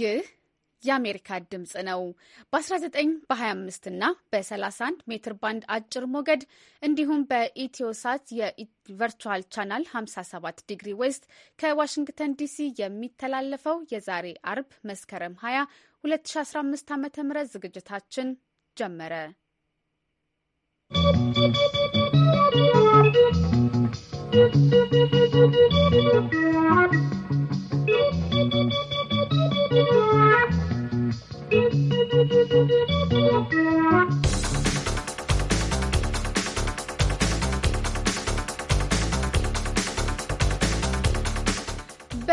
ይህ የአሜሪካ ድምፅ ነው። በ19 በ25 እና በ31 ሜትር ባንድ አጭር ሞገድ እንዲሁም በኢትዮሳት የቨርቹዋል ቻናል 57 ዲግሪ ዌስት ከዋሽንግተን ዲሲ የሚተላለፈው የዛሬ አርብ መስከረም 20 2015 ዓ.ም ዝግጅታችን ጀመረ። ¶¶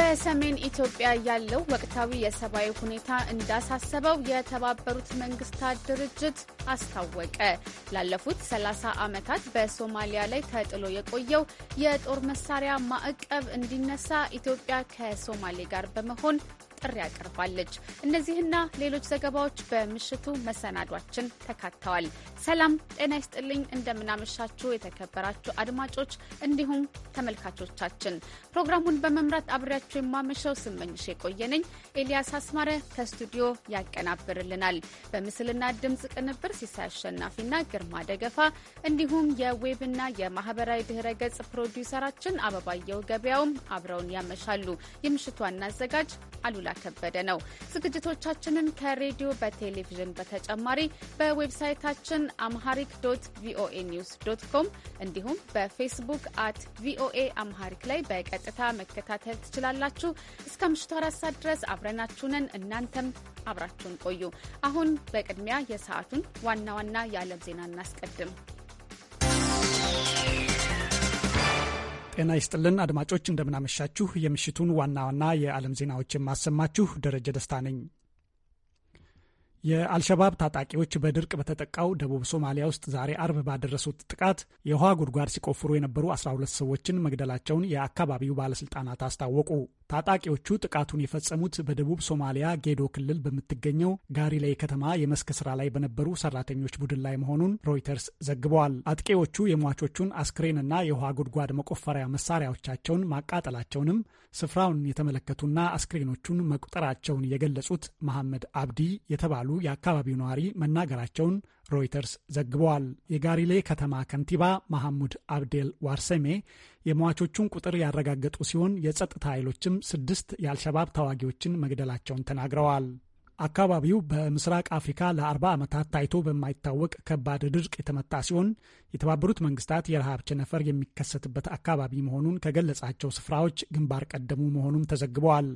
በሰሜን ኢትዮጵያ ያለው ወቅታዊ የሰብአዊ ሁኔታ እንዳሳሰበው የተባበሩት መንግስታት ድርጅት አስታወቀ። ላለፉት 30 ዓመታት በሶማሊያ ላይ ተጥሎ የቆየው የጦር መሳሪያ ማዕቀብ እንዲነሳ ኢትዮጵያ ከሶማሌ ጋር በመሆን ጥሪ አቅርባለች። እነዚህና ሌሎች ዘገባዎች በምሽቱ መሰናዷችን ተካተዋል። ሰላም ጤና ይስጥልኝ። እንደምናመሻችሁ የተከበራችሁ አድማጮች እንዲሁም ተመልካቾቻችን ፕሮግራሙን በመምራት አብሬያችሁ የማመሸው ስመኝሽ የቆየነኝ። ኤልያስ አስማረ ከስቱዲዮ ያቀናብርልናል። በምስልና ድምፅ ቅንብር ሲሳይ አሸናፊና ግርማ ደገፋ እንዲሁም የዌብና የማህበራዊ ድህረ ገጽ ፕሮዲውሰራችን አበባየው ገበያውም አብረውን ያመሻሉ። የምሽቱ ዋና አዘጋጅ አሉላ አሉላ ከበደ ነው። ዝግጅቶቻችንን ከሬዲዮ በቴሌቪዥን በተጨማሪ በዌብሳይታችን አምሃሪክ ዶት ቪኦኤ ኒውስ ዶት ኮም እንዲሁም በፌስቡክ አት ቪኦኤ አምሃሪክ ላይ በቀጥታ መከታተል ትችላላችሁ። እስከ ምሽቱ አራት ሰዓት ድረስ አብረናችሁንን እናንተም አብራችሁን ቆዩ። አሁን በቅድሚያ የሰዓቱን ዋና ዋና የዓለም ዜና እናስቀድም። ጤና ይስጥልን አድማጮች፣ እንደምናመሻችሁ። የምሽቱን ዋና ዋና የዓለም ዜናዎች የማሰማችሁ ደረጀ ደስታ ነኝ። የአልሸባብ ታጣቂዎች በድርቅ በተጠቃው ደቡብ ሶማሊያ ውስጥ ዛሬ አርብ ባደረሱት ጥቃት የውሃ ጉድጓድ ሲቆፍሩ የነበሩ 12 ሰዎችን መግደላቸውን የአካባቢው ባለሥልጣናት አስታወቁ። ታጣቂዎቹ ጥቃቱን የፈጸሙት በደቡብ ሶማሊያ ጌዶ ክልል በምትገኘው ላይ ከተማ የመስክ ስራ ላይ በነበሩ ሰራተኞች ቡድን ላይ መሆኑን ሮይተርስ ዘግበዋል። አጥቂዎቹ የሟቾቹን አስክሬንና የውሃ ጉድጓድ መቆፈሪያ መሳሪያዎቻቸውን ማቃጠላቸውንም ስፍራውን የተመለከቱና አስክሬኖቹን መቁጠራቸውን የገለጹት መሐመድ አብዲ የተባሉ የአካባቢው ነዋሪ መናገራቸውን ሮይተርስ ዘግበዋል። የጋሪሌ ከተማ ከንቲባ መሐሙድ አብዴል ዋርሴሜ የሟቾቹን ቁጥር ያረጋገጡ ሲሆን የጸጥታ ኃይሎችም ስድስት የአልሸባብ ተዋጊዎችን መግደላቸውን ተናግረዋል። አካባቢው በምስራቅ አፍሪካ ለ40 ዓመታት ታይቶ በማይታወቅ ከባድ ድርቅ የተመታ ሲሆን የተባበሩት መንግስታት የረሃብ ቸነፈር የሚከሰትበት አካባቢ መሆኑን ከገለጻቸው ስፍራዎች ግንባር ቀደሙ መሆኑም ተዘግበዋል።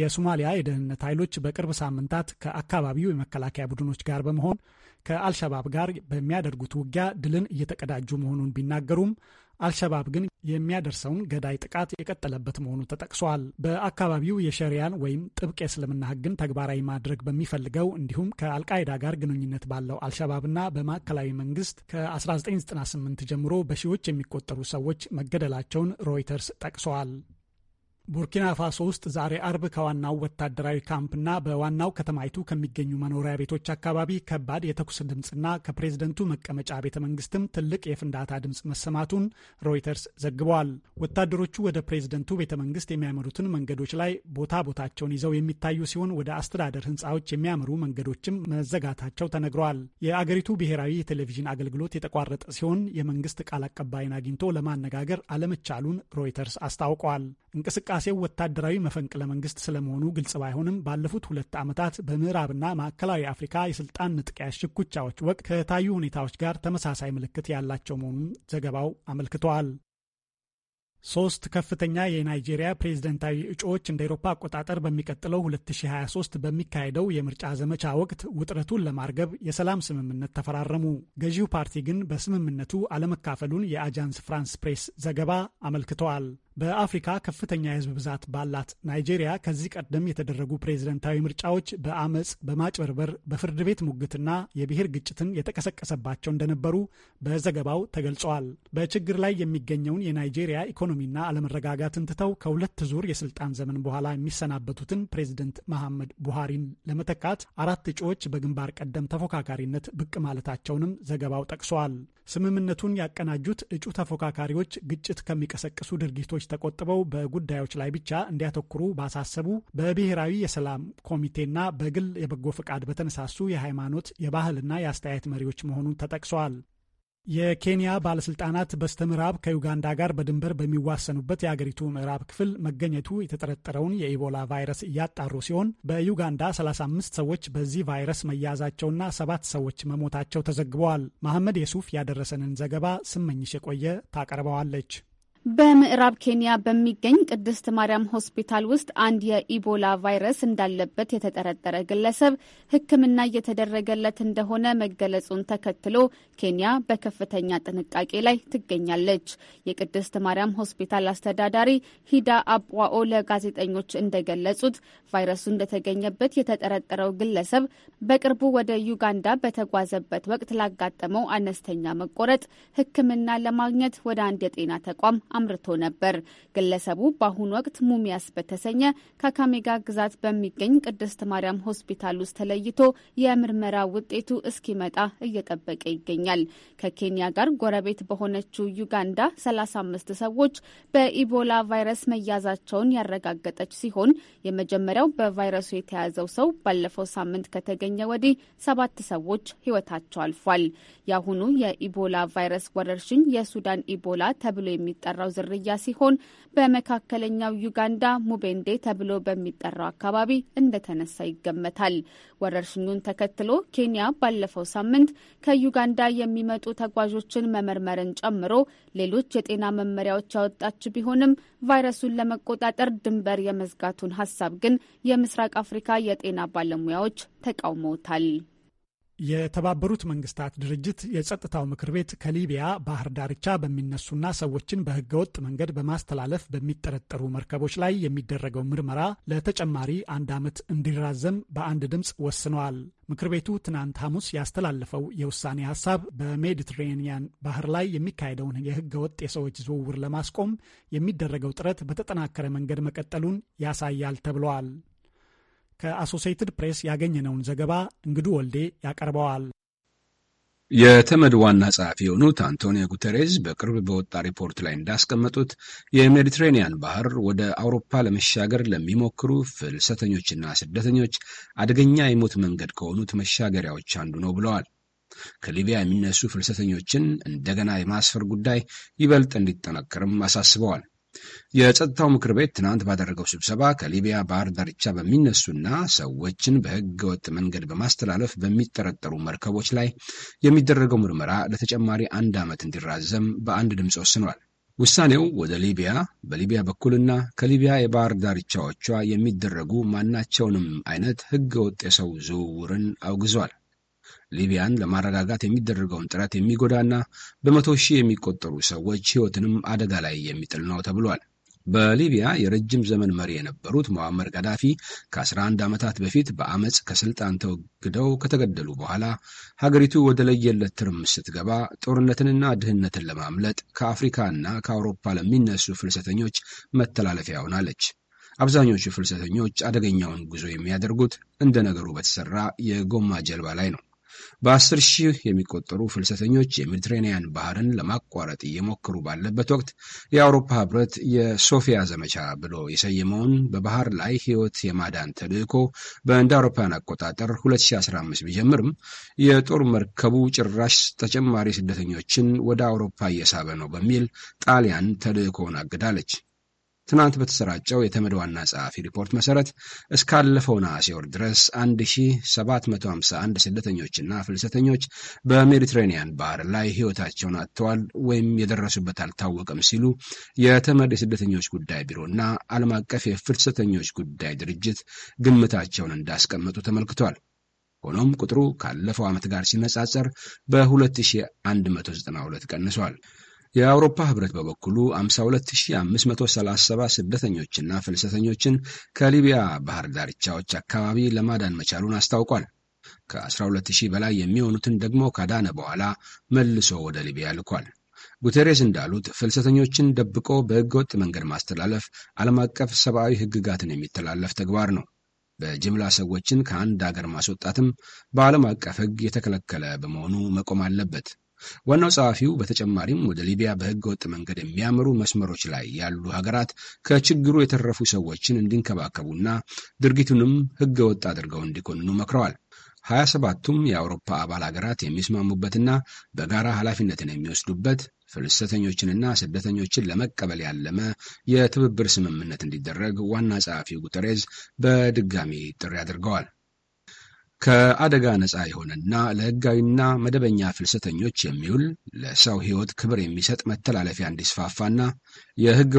የሶማሊያ የደህንነት ኃይሎች በቅርብ ሳምንታት ከአካባቢው የመከላከያ ቡድኖች ጋር በመሆን ከአልሸባብ ጋር በሚያደርጉት ውጊያ ድልን እየተቀዳጁ መሆኑን ቢናገሩም አልሸባብ ግን የሚያደርሰውን ገዳይ ጥቃት የቀጠለበት መሆኑ ተጠቅሷል። በአካባቢው የሸሪያን ወይም ጥብቅ የእስልምና ሕግን ተግባራዊ ማድረግ በሚፈልገው እንዲሁም ከአልቃይዳ ጋር ግንኙነት ባለው አልሸባብና በማዕከላዊ መንግስት ከ1998 ጀምሮ በሺዎች የሚቆጠሩ ሰዎች መገደላቸውን ሮይተርስ ጠቅሰዋል። ቡርኪና ፋሶ ውስጥ ዛሬ አርብ ከዋናው ወታደራዊ ካምፕና በዋናው ከተማይቱ ከሚገኙ መኖሪያ ቤቶች አካባቢ ከባድ የተኩስ ድምፅና ከፕሬዝደንቱ መቀመጫ ቤተ መንግስትም ትልቅ የፍንዳታ ድምፅ መሰማቱን ሮይተርስ ዘግበዋል። ወታደሮቹ ወደ ፕሬዝደንቱ ቤተ መንግስት የሚያመሩትን መንገዶች ላይ ቦታ ቦታቸውን ይዘው የሚታዩ ሲሆን ወደ አስተዳደር ህንፃዎች የሚያመሩ መንገዶችም መዘጋታቸው ተነግረዋል። የአገሪቱ ብሔራዊ የቴሌቪዥን አገልግሎት የተቋረጠ ሲሆን የመንግስት ቃል አቀባይን አግኝቶ ለማነጋገር አለመቻሉን ሮይተርስ አስታውቋል። እንቅስቃ እንቅስቃሴው ወታደራዊ መፈንቅለ መንግስት ስለመሆኑ ግልጽ ባይሆንም ባለፉት ሁለት ዓመታት በምዕራብና ማዕከላዊ አፍሪካ የስልጣን ንጥቂያ ሽኩቻዎች ወቅት ከታዩ ሁኔታዎች ጋር ተመሳሳይ ምልክት ያላቸው መሆኑን ዘገባው አመልክተዋል። ሶስት ከፍተኛ የናይጄሪያ ፕሬዝደንታዊ እጩዎች እንደ ኤሮፓ አቆጣጠር በሚቀጥለው 2023 በሚካሄደው የምርጫ ዘመቻ ወቅት ውጥረቱን ለማርገብ የሰላም ስምምነት ተፈራረሙ። ገዢው ፓርቲ ግን በስምምነቱ አለመካፈሉን የአጃንስ ፍራንስ ፕሬስ ዘገባ አመልክተዋል። በአፍሪካ ከፍተኛ የህዝብ ብዛት ባላት ናይጄሪያ ከዚህ ቀደም የተደረጉ ፕሬዝደንታዊ ምርጫዎች በአመፅ፣ በማጭበርበር፣ በፍርድ ቤት ሙግትና የብሔር ግጭትን የተቀሰቀሰባቸው እንደነበሩ በዘገባው ተገልጸዋል። በችግር ላይ የሚገኘውን የናይጄሪያ ኢኮኖሚና አለመረጋጋትን ትተው ከሁለት ዙር የስልጣን ዘመን በኋላ የሚሰናበቱትን ፕሬዝደንት መሐመድ ቡሃሪን ለመተካት አራት እጩዎች በግንባር ቀደም ተፎካካሪነት ብቅ ማለታቸውንም ዘገባው ጠቅሷል። ስምምነቱን ያቀናጁት እጩ ተፎካካሪዎች ግጭት ከሚቀሰቅሱ ድርጊቶች ተቆጥበው በጉዳዮች ላይ ብቻ እንዲያተኩሩ ባሳሰቡ በብሔራዊ የሰላም ኮሚቴና በግል የበጎ ፈቃድ በተነሳሱ የሃይማኖት የባህልና የአስተያየት መሪዎች መሆኑን ተጠቅሰዋል። የኬንያ ባለስልጣናት በስተምዕራብ ከዩጋንዳ ጋር በድንበር በሚዋሰኑበት የአገሪቱ ምዕራብ ክፍል መገኘቱ የተጠረጠረውን የኢቦላ ቫይረስ እያጣሩ ሲሆን በዩጋንዳ 35 ሰዎች በዚህ ቫይረስ መያዛቸውና ሰባት ሰዎች መሞታቸው ተዘግበዋል። መሐመድ የሱፍ ያደረሰንን ዘገባ ስመኝሽ የቆየ ታቀርበዋለች። በምዕራብ ኬንያ በሚገኝ ቅድስት ማርያም ሆስፒታል ውስጥ አንድ የኢቦላ ቫይረስ እንዳለበት የተጠረጠረ ግለሰብ ሕክምና እየተደረገለት እንደሆነ መገለጹን ተከትሎ ኬንያ በከፍተኛ ጥንቃቄ ላይ ትገኛለች። የቅድስት ማርያም ሆስፒታል አስተዳዳሪ ሂዳ አቧኦ ለጋዜጠኞች እንደገለጹት ቫይረሱ እንደተገኘበት የተጠረጠረው ግለሰብ በቅርቡ ወደ ዩጋንዳ በተጓዘበት ወቅት ላጋጠመው አነስተኛ መቆረጥ ሕክምና ለማግኘት ወደ አንድ የጤና ተቋም አምርቶ ነበር። ግለሰቡ በአሁኑ ወቅት ሙሚያስ በተሰኘ ከካሜጋ ግዛት በሚገኝ ቅድስት ማርያም ሆስፒታል ውስጥ ተለይቶ የምርመራ ውጤቱ እስኪመጣ እየጠበቀ ይገኛል። ከኬንያ ጋር ጎረቤት በሆነችው ዩጋንዳ 35 ሰዎች በኢቦላ ቫይረስ መያዛቸውን ያረጋገጠች ሲሆን የመጀመሪያው በቫይረሱ የተያዘው ሰው ባለፈው ሳምንት ከተገኘ ወዲህ ሰባት ሰዎች ሕይወታቸው አልፏል። የአሁኑ የኢቦላ ቫይረስ ወረርሽኝ የሱዳን ኢቦላ ተብሎ የሚጠራው የመጀመሪያው ዝርያ ሲሆን በመካከለኛው ዩጋንዳ ሙቤንዴ ተብሎ በሚጠራው አካባቢ እንደተነሳ ይገመታል። ወረርሽኙን ተከትሎ ኬንያ ባለፈው ሳምንት ከዩጋንዳ የሚመጡ ተጓዦችን መመርመርን ጨምሮ ሌሎች የጤና መመሪያዎች ያወጣች ቢሆንም ቫይረሱን ለመቆጣጠር ድንበር የመዝጋቱን ሀሳብ ግን የምስራቅ አፍሪካ የጤና ባለሙያዎች ተቃውመውታል። የተባበሩት መንግስታት ድርጅት የጸጥታው ምክር ቤት ከሊቢያ ባህር ዳርቻ በሚነሱና ሰዎችን በህገወጥ መንገድ በማስተላለፍ በሚጠረጠሩ መርከቦች ላይ የሚደረገው ምርመራ ለተጨማሪ አንድ ዓመት እንዲራዘም በአንድ ድምፅ ወስነዋል። ምክር ቤቱ ትናንት ሐሙስ ያስተላለፈው የውሳኔ ሀሳብ በሜዲትሬኒያን ባህር ላይ የሚካሄደውን የህገወጥ የሰዎች ዝውውር ለማስቆም የሚደረገው ጥረት በተጠናከረ መንገድ መቀጠሉን ያሳያል ተብለዋል። ከአሶሴትድ ፕሬስ ያገኘነውን ዘገባ እንግዱ ወልዴ ያቀርበዋል። የተመድ ዋና ጸሐፊ የሆኑት አንቶኒዮ ጉተሬዝ በቅርብ በወጣ ሪፖርት ላይ እንዳስቀመጡት የሜዲትሬኒያን ባህር ወደ አውሮፓ ለመሻገር ለሚሞክሩ ፍልሰተኞችና ስደተኞች አደገኛ የሞት መንገድ ከሆኑት መሻገሪያዎች አንዱ ነው ብለዋል። ከሊቢያ የሚነሱ ፍልሰተኞችን እንደገና የማስፈር ጉዳይ ይበልጥ እንዲጠናከርም አሳስበዋል። የጸጥታው ምክር ቤት ትናንት ባደረገው ስብሰባ ከሊቢያ ባህር ዳርቻ በሚነሱና ሰዎችን በህገ ወጥ መንገድ በማስተላለፍ በሚጠረጠሩ መርከቦች ላይ የሚደረገው ምርመራ ለተጨማሪ አንድ ዓመት እንዲራዘም በአንድ ድምፅ ወስኗል። ውሳኔው ወደ ሊቢያ በሊቢያ በኩልና ከሊቢያ የባህር ዳርቻዎቿ የሚደረጉ ማናቸውንም አይነት ህገ ወጥ የሰው ዝውውርን አውግዟል። ሊቢያን ለማረጋጋት የሚደረገውን ጥረት የሚጎዳና በመቶ ሺህ የሚቆጠሩ ሰዎች ሕይወትንም አደጋ ላይ የሚጥል ነው ተብሏል። በሊቢያ የረጅም ዘመን መሪ የነበሩት መዋመር ጋዳፊ ከ11 ዓመታት በፊት በአመፅ ከስልጣን ተወግደው ከተገደሉ በኋላ ሀገሪቱ ወደ ለየለት ትርምስ ስትገባ ጦርነትንና ድህነትን ለማምለጥ ከአፍሪካ እና ከአውሮፓ ለሚነሱ ፍልሰተኞች መተላለፊያ ሆናለች። አብዛኞቹ ፍልሰተኞች አደገኛውን ጉዞ የሚያደርጉት እንደ ነገሩ በተሰራ የጎማ ጀልባ ላይ ነው። በአስር ሺህ የሚቆጠሩ ፍልሰተኞች የሜዲትሬንያን ባህርን ለማቋረጥ እየሞከሩ ባለበት ወቅት የአውሮፓ ህብረት የሶፊያ ዘመቻ ብሎ የሰየመውን በባህር ላይ ህይወት የማዳን ተልዕኮ በእንደ አውሮፓውያን አቆጣጠር 2015 ቢጀምርም የጦር መርከቡ ጭራሽ ተጨማሪ ስደተኞችን ወደ አውሮፓ እየሳበ ነው በሚል ጣሊያን ተልእኮውን አግዳለች። ትናንት በተሰራጨው የተመድ ዋና ጸሐፊ ሪፖርት መሠረት እስካለፈው ነሐሴ ወር ድረስ 1751 ስደተኞችና ፍልሰተኞች በሜዲትሬኒያን ባህር ላይ ሕይወታቸውን አጥተዋል ወይም የደረሱበት አልታወቀም ሲሉ የተመድ የስደተኞች ጉዳይ ቢሮና ዓለም አቀፍ የፍልሰተኞች ጉዳይ ድርጅት ግምታቸውን እንዳስቀመጡ ተመልክቷል። ሆኖም ቁጥሩ ካለፈው ዓመት ጋር ሲነጻጸር በ2192 ቀንሷል። የአውሮፓ ህብረት በበኩሉ 52537 ስደተኞችና ፍልሰተኞችን ከሊቢያ ባህር ዳርቻዎች አካባቢ ለማዳን መቻሉን አስታውቋል። ከ12000 በላይ የሚሆኑትን ደግሞ ካዳነ በኋላ መልሶ ወደ ሊቢያ ልኳል። ጉቴሬስ እንዳሉት ፍልሰተኞችን ደብቆ በህገወጥ መንገድ ማስተላለፍ ዓለም አቀፍ ሰብአዊ ህግጋትን የሚተላለፍ ተግባር ነው። በጅምላ ሰዎችን ከአንድ አገር ማስወጣትም በዓለም አቀፍ ህግ የተከለከለ በመሆኑ መቆም አለበት። ዋናው ጸሐፊው በተጨማሪም ወደ ሊቢያ በሕገ ወጥ መንገድ የሚያምሩ መስመሮች ላይ ያሉ ሀገራት ከችግሩ የተረፉ ሰዎችን እንዲንከባከቡና ድርጊቱንም ሕገ ወጥ አድርገው እንዲኮንኑ መክረዋል። ሀያ ሰባቱም የአውሮፓ አባል ሀገራት የሚስማሙበትና በጋራ ኃላፊነትን የሚወስዱበት ፍልሰተኞችንና ስደተኞችን ለመቀበል ያለመ የትብብር ስምምነት እንዲደረግ ዋና ጸሐፊው ጉተሬዝ በድጋሚ ጥሪ አድርገዋል። ከአደጋ ነፃ የሆነና ለህጋዊና መደበኛ ፍልሰተኞች የሚውል ለሰው ህይወት ክብር የሚሰጥ መተላለፊያ እንዲስፋፋና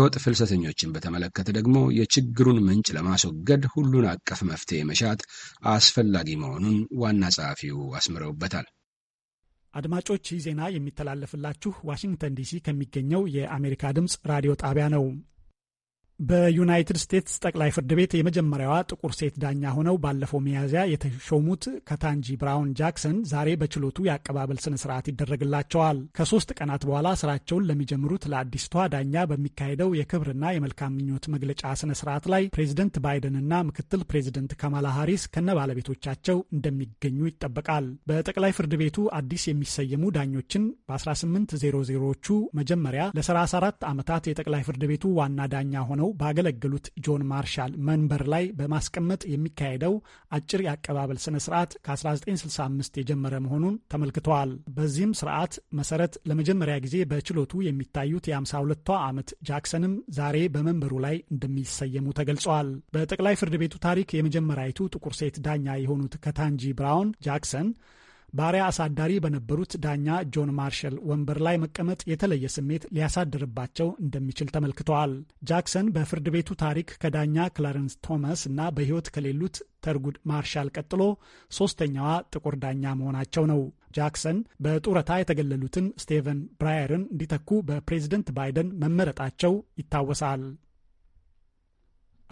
ወጥ ፍልሰተኞችን በተመለከተ ደግሞ የችግሩን ምንጭ ለማስወገድ ሁሉን አቀፍ መፍትሄ መሻት አስፈላጊ መሆኑን ዋና ጸሐፊው አስምረውበታል። አድማጮች ይህ ዜና የሚተላለፍላችሁ ዋሽንግተን ዲሲ ከሚገኘው የአሜሪካ ድምፅ ራዲዮ ጣቢያ ነው። በዩናይትድ ስቴትስ ጠቅላይ ፍርድ ቤት የመጀመሪያዋ ጥቁር ሴት ዳኛ ሆነው ባለፈው ሚያዝያ የተሾሙት ከታንጂ ብራውን ጃክሰን ዛሬ በችሎቱ የአቀባበል ስነ ስርዓት ይደረግላቸዋል። ከሶስት ቀናት በኋላ ስራቸውን ለሚጀምሩት ለአዲስቷ ዳኛ በሚካሄደው የክብርና የመልካም ምኞት መግለጫ ስነ ስርዓት ላይ ፕሬዚደንት ባይደንና ምክትል ፕሬዚደንት ካማላ ሃሪስ ከነ ባለቤቶቻቸው እንደሚገኙ ይጠበቃል። በጠቅላይ ፍርድ ቤቱ አዲስ የሚሰየሙ ዳኞችን በ 1800 ዜሮዎቹ መጀመሪያ ለ34 ዓመታት የጠቅላይ ፍርድ ቤቱ ዋና ዳኛ ሆነው ሆነው ባገለገሉት ጆን ማርሻል መንበር ላይ በማስቀመጥ የሚካሄደው አጭር የአቀባበል ስነ ስርዓት ከ1965 የጀመረ መሆኑን ተመልክተዋል። በዚህም ስርዓት መሰረት ለመጀመሪያ ጊዜ በችሎቱ የሚታዩት የ52ቷ ዓመት ጃክሰንም ዛሬ በመንበሩ ላይ እንደሚሰየሙ ተገልጸዋል። በጠቅላይ ፍርድ ቤቱ ታሪክ የመጀመሪያይቱ ጥቁር ሴት ዳኛ የሆኑት ከታንጂ ብራውን ጃክሰን ባሪያ አሳዳሪ በነበሩት ዳኛ ጆን ማርሻል ወንበር ላይ መቀመጥ የተለየ ስሜት ሊያሳድርባቸው እንደሚችል ተመልክተዋል። ጃክሰን በፍርድ ቤቱ ታሪክ ከዳኛ ክላረንስ ቶማስ እና በሕይወት ከሌሉት ተርጉድ ማርሻል ቀጥሎ ሶስተኛዋ ጥቁር ዳኛ መሆናቸው ነው። ጃክሰን በጡረታ የተገለሉትን ስቴቨን ብራየርን እንዲተኩ በፕሬዝደንት ባይደን መመረጣቸው ይታወሳል።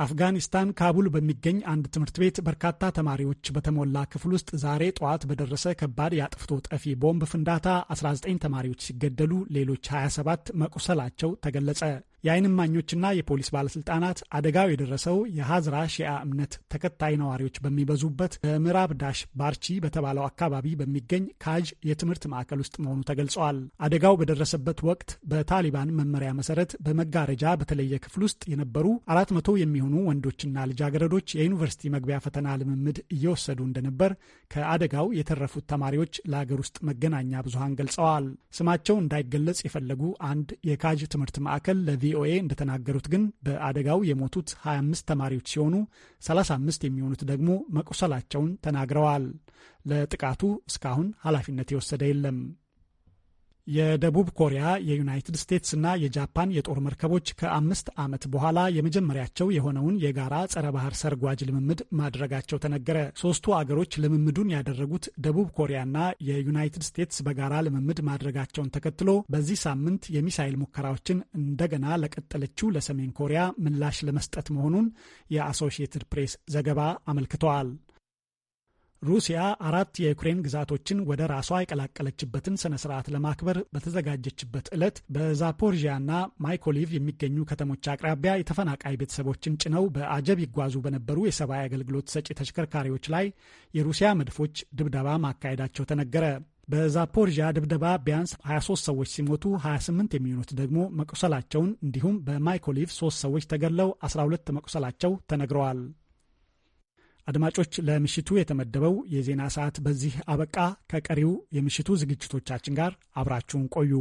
አፍጋኒስታን ካቡል በሚገኝ አንድ ትምህርት ቤት በርካታ ተማሪዎች በተሞላ ክፍል ውስጥ ዛሬ ጠዋት በደረሰ ከባድ የአጥፍቶ ጠፊ ቦምብ ፍንዳታ 19 ተማሪዎች ሲገደሉ ሌሎች 27 መቁሰላቸው ተገለጸ። የዓይን እማኞችና የፖሊስ ባለስልጣናት አደጋው የደረሰው የሀዝራ ሺያ እምነት ተከታይ ነዋሪዎች በሚበዙበት በምዕራብ ዳሽ ባርቺ በተባለው አካባቢ በሚገኝ ካጅ የትምህርት ማዕከል ውስጥ መሆኑ ተገልጿል። አደጋው በደረሰበት ወቅት በታሊባን መመሪያ መሰረት በመጋረጃ በተለየ ክፍል ውስጥ የነበሩ አራት መቶ የሚሆኑ ወንዶችና ልጃገረዶች የዩኒቨርሲቲ መግቢያ ፈተና ልምምድ እየወሰዱ እንደነበር ከአደጋው የተረፉት ተማሪዎች ለሀገር ውስጥ መገናኛ ብዙሃን ገልጸዋል። ስማቸው እንዳይገለጽ የፈለጉ አንድ የካጅ ትምህርት ማዕከል ለቪ ለቪኦኤ እንደተናገሩት ግን በአደጋው የሞቱት 25 ተማሪዎች ሲሆኑ 35 የሚሆኑት ደግሞ መቁሰላቸውን ተናግረዋል። ለጥቃቱ እስካሁን ኃላፊነት የወሰደ የለም። የደቡብ ኮሪያ የዩናይትድ እና የጃፓን የጦር መርከቦች ከአምስት ዓመት በኋላ የመጀመሪያቸው የሆነውን የጋራ ጸረ ባህር ሰርጓጅ ልምምድ ማድረጋቸው ተነገረ። ሶስቱ አገሮች ልምምዱን ያደረጉት ደቡብ ኮሪያና የዩናይትድ ስቴትስ በጋራ ልምምድ ማድረጋቸውን ተከትሎ በዚህ ሳምንት የሚሳይል ሙከራዎችን እንደገና ለቀጠለችው ለሰሜን ኮሪያ ምላሽ ለመስጠት መሆኑን የአሶሺየትድ ፕሬስ ዘገባ አመልክተዋል። ሩሲያ አራት የዩክሬን ግዛቶችን ወደ ራሷ የቀላቀለችበትን ስነ ስርዓት ለማክበር በተዘጋጀችበት ዕለት በዛፖርዥያና ማይኮሊቭ የሚገኙ ከተሞች አቅራቢያ የተፈናቃይ ቤተሰቦችን ጭነው በአጀብ ይጓዙ በነበሩ የሰብአዊ አገልግሎት ሰጪ ተሽከርካሪዎች ላይ የሩሲያ መድፎች ድብደባ ማካሄዳቸው ተነገረ። በዛፖርዣ ድብደባ ቢያንስ 23 ሰዎች ሲሞቱ 28 የሚሆኑት ደግሞ መቁሰላቸውን እንዲሁም በማይኮሊቭ ሶስት ሰዎች ተገድለው 12 መቁሰላቸው ተነግረዋል። አድማጮች፣ ለምሽቱ የተመደበው የዜና ሰዓት በዚህ አበቃ። ከቀሪው የምሽቱ ዝግጅቶቻችን ጋር አብራችሁን ቆዩ።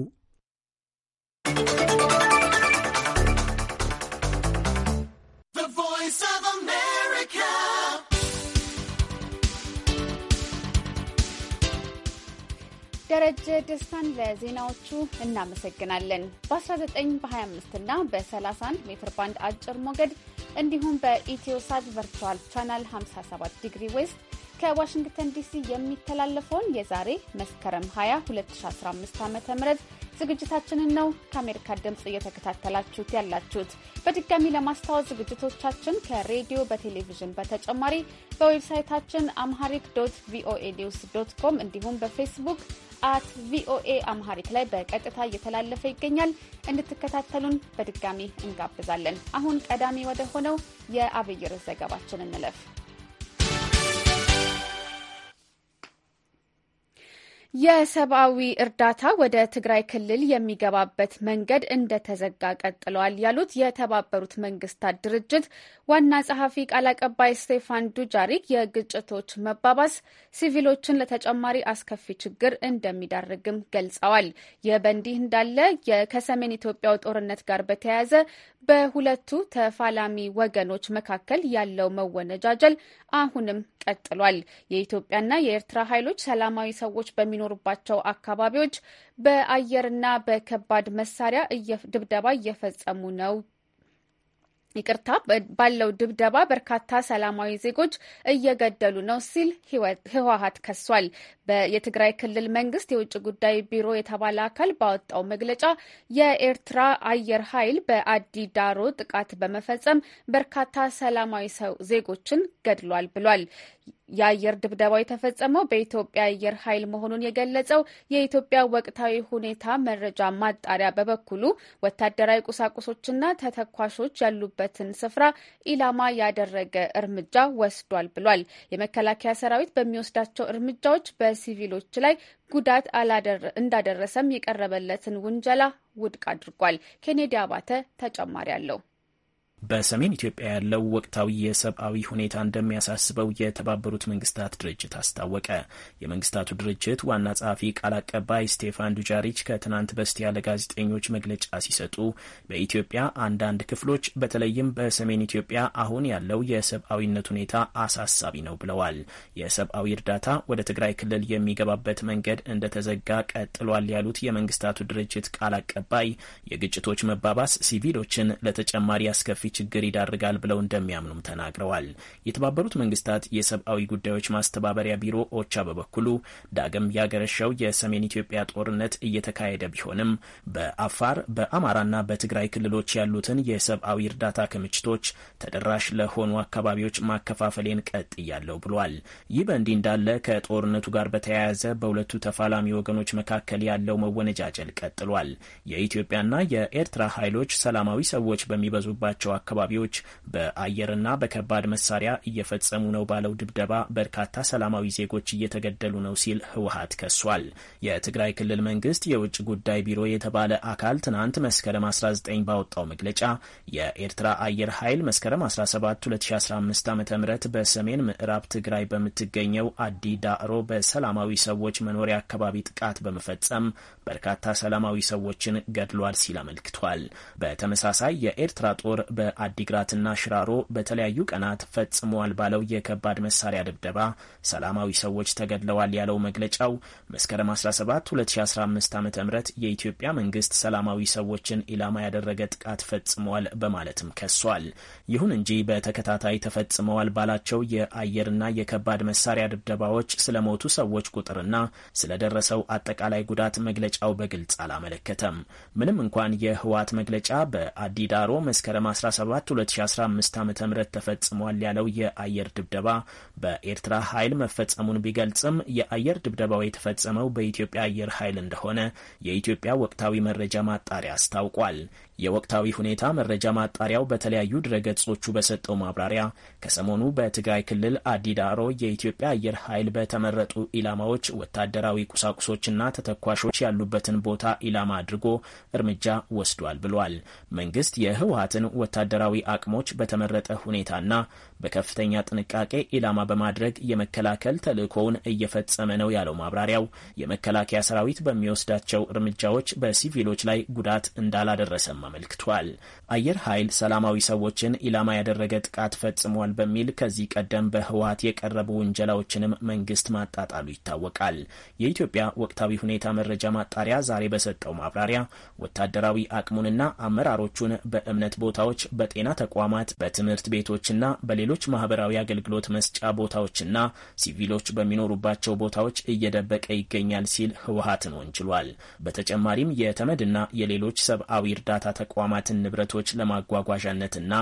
ደረጀ ደስታን ለዜናዎቹ እናመሰግናለን። በ19 በ25 እና በ31 ሜትር ባንድ አጭር ሞገድ እንዲሁም በኢትዮሳት ቨርቹዋል ቻናል 57 ዲግሪ ዌስት ከዋሽንግተን ዲሲ የሚተላለፈውን የዛሬ መስከረም 20 2015 ዓ ም ዝግጅታችንን ነው ከአሜሪካ ድምፅ እየተከታተላችሁት ያላችሁት። በድጋሚ ለማስታወስ ዝግጅቶቻችን ከሬዲዮ በቴሌቪዥን በተጨማሪ በዌብሳይታችን አምሃሪክ ዶት ቪኦኤ ኒውስ ዶት ኮም እንዲሁም በፌስቡክ አት ቪኦኤ አምሃሪክ ላይ በቀጥታ እየተላለፈ ይገኛል። እንድትከታተሉን በድጋሚ እንጋብዛለን። አሁን ቀዳሚ ወደ ሆነው የአብይር ዘገባችን እንለፍ። የሰብአዊ እርዳታ ወደ ትግራይ ክልል የሚገባበት መንገድ እንደተዘጋ ቀጥለዋል ያሉት የተባበሩት መንግስታት ድርጅት ዋና ጸሐፊ ቃል አቀባይ ስቴፋን ዱጃሪክ የግጭቶች መባባስ ሲቪሎችን ለተጨማሪ አስከፊ ችግር እንደሚዳርግም ገልጸዋል። ይህ በእንዲህ እንዳለ ከሰሜን ኢትዮጵያው ጦርነት ጋር በተያያዘ በሁለቱ ተፋላሚ ወገኖች መካከል ያለው መወነጃጀል አሁንም ቀጥሏል። የኢትዮጵያና የኤርትራ ኃይሎች ሰላማዊ ሰዎች በሚኖ በሚኖሩባቸው አካባቢዎች በአየርና በከባድ መሳሪያ ድብደባ እየፈጸሙ ነው ይቅርታ ባለው ድብደባ በርካታ ሰላማዊ ዜጎች እየገደሉ ነው ሲል ህወሀት ከሷል። የትግራይ ክልል መንግስት የውጭ ጉዳይ ቢሮ የተባለ አካል ባወጣው መግለጫ የኤርትራ አየር ኃይል በአዲ ዳሮ ጥቃት በመፈጸም በርካታ ሰላማዊ ዜጎችን ገድሏል ብሏል። የአየር ድብደባው የተፈጸመው በኢትዮጵያ አየር ኃይል መሆኑን የገለጸው የኢትዮጵያ ወቅታዊ ሁኔታ መረጃ ማጣሪያ በበኩሉ ወታደራዊ ቁሳቁሶችና ተተኳሾች ያሉበትን ስፍራ ኢላማ ያደረገ እርምጃ ወስዷል ብሏል። የመከላከያ ሰራዊት በሚወስዳቸው እርምጃዎች በሲቪሎች ላይ ጉዳት እንዳደረሰም የቀረበለትን ውንጀላ ውድቅ አድርጓል። ኬኔዲ አባተ ተጨማሪ አለው። በሰሜን ኢትዮጵያ ያለው ወቅታዊ የሰብአዊ ሁኔታ እንደሚያሳስበው የተባበሩት መንግስታት ድርጅት አስታወቀ። የመንግስታቱ ድርጅት ዋና ጸሐፊ ቃል አቀባይ ስቴፋን ዱጃሪች ከትናንት በስቲያ ለጋዜጠኞች መግለጫ ሲሰጡ በኢትዮጵያ አንዳንድ ክፍሎች በተለይም በሰሜን ኢትዮጵያ አሁን ያለው የሰብአዊነት ሁኔታ አሳሳቢ ነው ብለዋል። የሰብአዊ እርዳታ ወደ ትግራይ ክልል የሚገባበት መንገድ እንደተዘጋ ቀጥሏል ያሉት የመንግስታቱ ድርጅት ቃል አቀባይ የግጭቶች መባባስ ሲቪሎችን ለተጨማሪ አስከፊ ችግር ይዳርጋል ብለው እንደሚያምኑም ተናግረዋል። የተባበሩት መንግስታት የሰብአዊ ጉዳዮች ማስተባበሪያ ቢሮ ኦቻ በበኩሉ ዳግም ያገረሸው የሰሜን ኢትዮጵያ ጦርነት እየተካሄደ ቢሆንም በአፋር በአማራና በትግራይ ክልሎች ያሉትን የሰብአዊ እርዳታ ክምችቶች ተደራሽ ለሆኑ አካባቢዎች ማከፋፈሌን ቀጥያለሁ ብሏል። ይህ በእንዲህ እንዳለ ከጦርነቱ ጋር በተያያዘ በሁለቱ ተፋላሚ ወገኖች መካከል ያለው መወነጃጀል ቀጥሏል። የኢትዮጵያና የኤርትራ ኃይሎች ሰላማዊ ሰዎች በሚበዙባቸው አካባቢዎች በአየርና በከባድ መሳሪያ እየፈጸሙ ነው ባለው ድብደባ በርካታ ሰላማዊ ዜጎች እየተገደሉ ነው ሲል ህወሀት ከሷል። የትግራይ ክልል መንግስት የውጭ ጉዳይ ቢሮ የተባለ አካል ትናንት መስከረም 19 ባወጣው መግለጫ የኤርትራ አየር ኃይል መስከረም 17 2015 ዓ ም በሰሜን ምዕራብ ትግራይ በምትገኘው አዲ ዳዕሮ በሰላማዊ ሰዎች መኖሪያ አካባቢ ጥቃት በመፈጸም በርካታ ሰላማዊ ሰዎችን ገድሏል ሲል አመልክቷል። በተመሳሳይ የኤርትራ ጦር በ በአዲግራትና ሽራሮ በተለያዩ ቀናት ፈጽመዋል ባለው የከባድ መሳሪያ ድብደባ ሰላማዊ ሰዎች ተገድለዋል ያለው መግለጫው መስከረም 17 2015 ዓ ም የኢትዮጵያ መንግስት ሰላማዊ ሰዎችን ኢላማ ያደረገ ጥቃት ፈጽመዋል በማለትም ከሷል። ይሁን እንጂ በተከታታይ ተፈጽመዋል ባላቸው የአየርና የከባድ መሳሪያ ድብደባዎች ስለሞቱ ሰዎች ቁጥርና ስለደረሰው አጠቃላይ ጉዳት መግለጫው በግልጽ አላመለከተም። ምንም እንኳን የህወሓት መግለጫ በአዲዳሮ መስከረም 17 2015 ዓ ም ተፈጽሟል ያለው የአየር ድብደባ በኤርትራ ኃይል መፈጸሙን ቢገልጽም የአየር ድብደባው የተፈጸመው በኢትዮጵያ አየር ኃይል እንደሆነ የኢትዮጵያ ወቅታዊ መረጃ ማጣሪያ አስታውቋል። የወቅታዊ ሁኔታ መረጃ ማጣሪያው በተለያዩ ድረገጾቹ በሰጠው ማብራሪያ ከሰሞኑ በትግራይ ክልል አዲዳሮ የኢትዮጵያ አየር ኃይል በተመረጡ ኢላማዎች ወታደራዊ ቁሳቁሶችና ተተኳሾች ያሉበትን ቦታ ኢላማ አድርጎ እርምጃ ወስዷል ብሏል። መንግስት የህወሀትን ወታደራዊ አቅሞች በተመረጠ ሁኔታና በከፍተኛ ጥንቃቄ ኢላማ በማድረግ የመከላከል ተልዕኮውን እየፈጸመ ነው ያለው ማብራሪያው የመከላከያ ሰራዊት በሚወስዳቸው እርምጃዎች በሲቪሎች ላይ ጉዳት እንዳላደረሰም አመልክቷል። አየር ኃይል ሰላማዊ ሰዎችን ኢላማ ያደረገ ጥቃት ፈጽሟል በሚል ከዚህ ቀደም በህወሀት የቀረቡ ውንጀላዎችንም መንግስት ማጣጣሉ ይታወቃል። የኢትዮጵያ ወቅታዊ ሁኔታ መረጃ ማጣሪያ ዛሬ በሰጠው ማብራሪያ ወታደራዊ አቅሙንና አመራሮቹን በእምነት ቦታዎች፣ በጤና ተቋማት፣ በትምህርት ቤቶችና በሌሎች ማህበራዊ አገልግሎት መስጫ ቦታዎችና ሲቪሎች በሚኖሩባቸው ቦታዎች እየደበቀ ይገኛል ሲል ህወሀትን ወንጅሏል። በተጨማሪም የተመድና የሌሎች ሰብአዊ እርዳታ ተቋማትን ንብረቶች ለማጓጓዣነትና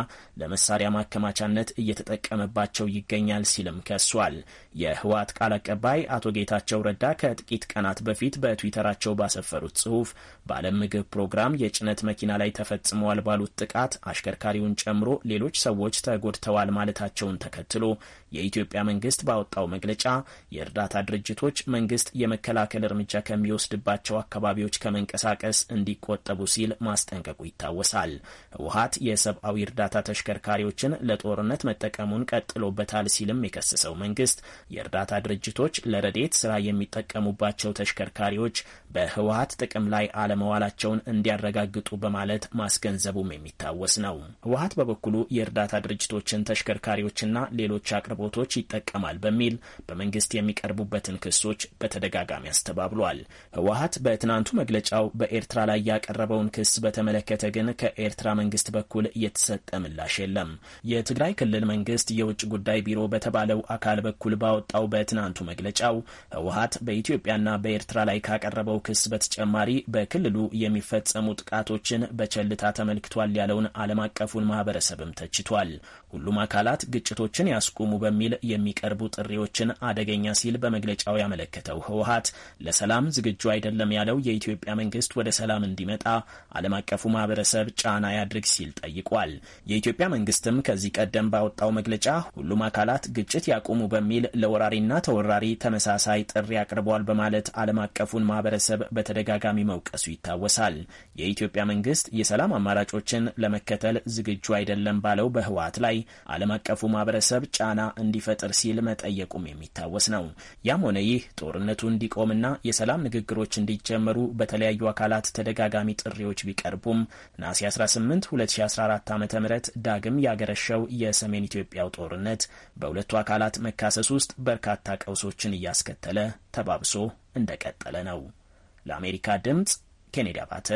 ለመሳሪያ ማከማቻነት እየተጠቀመባቸው ይገኛል ሲልም ከሷል። የህወሓት ቃል አቀባይ አቶ ጌታቸው ረዳ ከጥቂት ቀናት በፊት በትዊተራቸው ባሰፈሩት ጽሁፍ በዓለም ምግብ ፕሮግራም የጭነት መኪና ላይ ተፈጽመዋል ባሉት ጥቃት አሽከርካሪውን ጨምሮ ሌሎች ሰዎች ተጎድተዋል ማለታቸውን ተከትሎ የኢትዮጵያ መንግስት ባወጣው መግለጫ የእርዳታ ድርጅቶች መንግስት የመከላከል እርምጃ ከሚወስድባቸው አካባቢዎች ከመንቀሳቀስ እንዲቆጠቡ ሲል ማስጠንቀቁ ይታወሳል። ህወሀት የሰብአዊ እርዳታ ተሽከርካሪዎችን ለጦርነት መጠቀሙን ቀጥሎበታል ሲልም የከሰሰው መንግስት የእርዳታ ድርጅቶች ለረዴት ስራ የሚጠቀሙባቸው ተሽከርካሪዎች በህወሀት ጥቅም ላይ አለመዋላቸውን እንዲያረጋግጡ በማለት ማስገንዘቡም የሚታወስ ነው። ህወሀት በበኩሉ የእርዳታ ድርጅቶችን ተሽከርካሪዎችና ሌሎች አቅርቦ ፍላጎቶች ይጠቀማል በሚል በመንግስት የሚቀርቡበትን ክሶች በተደጋጋሚ አስተባብሏል። ህወሀት በትናንቱ መግለጫው በኤርትራ ላይ ያቀረበውን ክስ በተመለከተ ግን ከኤርትራ መንግስት በኩል የተሰጠ ምላሽ የለም። የትግራይ ክልል መንግስት የውጭ ጉዳይ ቢሮ በተባለው አካል በኩል ባወጣው በትናንቱ መግለጫው ህወሀት በኢትዮጵያና በኤርትራ ላይ ካቀረበው ክስ በተጨማሪ በክልሉ የሚፈጸሙ ጥቃቶችን በቸልታ ተመልክቷል ያለውን ዓለም አቀፉን ማህበረሰብም ተችቷል። ሁሉም አካላት ግጭቶችን ያስቆሙ በ በሚል የሚቀርቡ ጥሪዎችን አደገኛ ሲል በመግለጫው ያመለከተው ህወሀት ለሰላም ዝግጁ አይደለም ያለው የኢትዮጵያ መንግስት ወደ ሰላም እንዲመጣ ዓለም አቀፉ ማህበረሰብ ጫና ያድርግ ሲል ጠይቋል። የኢትዮጵያ መንግስትም ከዚህ ቀደም ባወጣው መግለጫ ሁሉም አካላት ግጭት ያቁሙ በሚል ለወራሪና ተወራሪ ተመሳሳይ ጥሪ አቅርቧል በማለት ዓለም አቀፉን ማህበረሰብ በተደጋጋሚ መውቀሱ ይታወሳል። የኢትዮጵያ መንግስት የሰላም አማራጮችን ለመከተል ዝግጁ አይደለም ባለው በህወሀት ላይ ዓለም አቀፉ ማህበረሰብ ጫና እንዲፈጥር ሲል መጠየቁም የሚታወስ ነው። ያም ሆነ ይህ ጦርነቱ እንዲቆምና የሰላም ንግግሮች እንዲጀመሩ በተለያዩ አካላት ተደጋጋሚ ጥሪዎች ቢቀርቡም ነሐሴ 18 2014 ዓ ም ዳግም ያገረሸው የሰሜን ኢትዮጵያው ጦርነት በሁለቱ አካላት መካሰስ ውስጥ በርካታ ቀውሶችን እያስከተለ ተባብሶ እንደቀጠለ ነው። ለአሜሪካ ድምፅ ኬኔዲ አባተ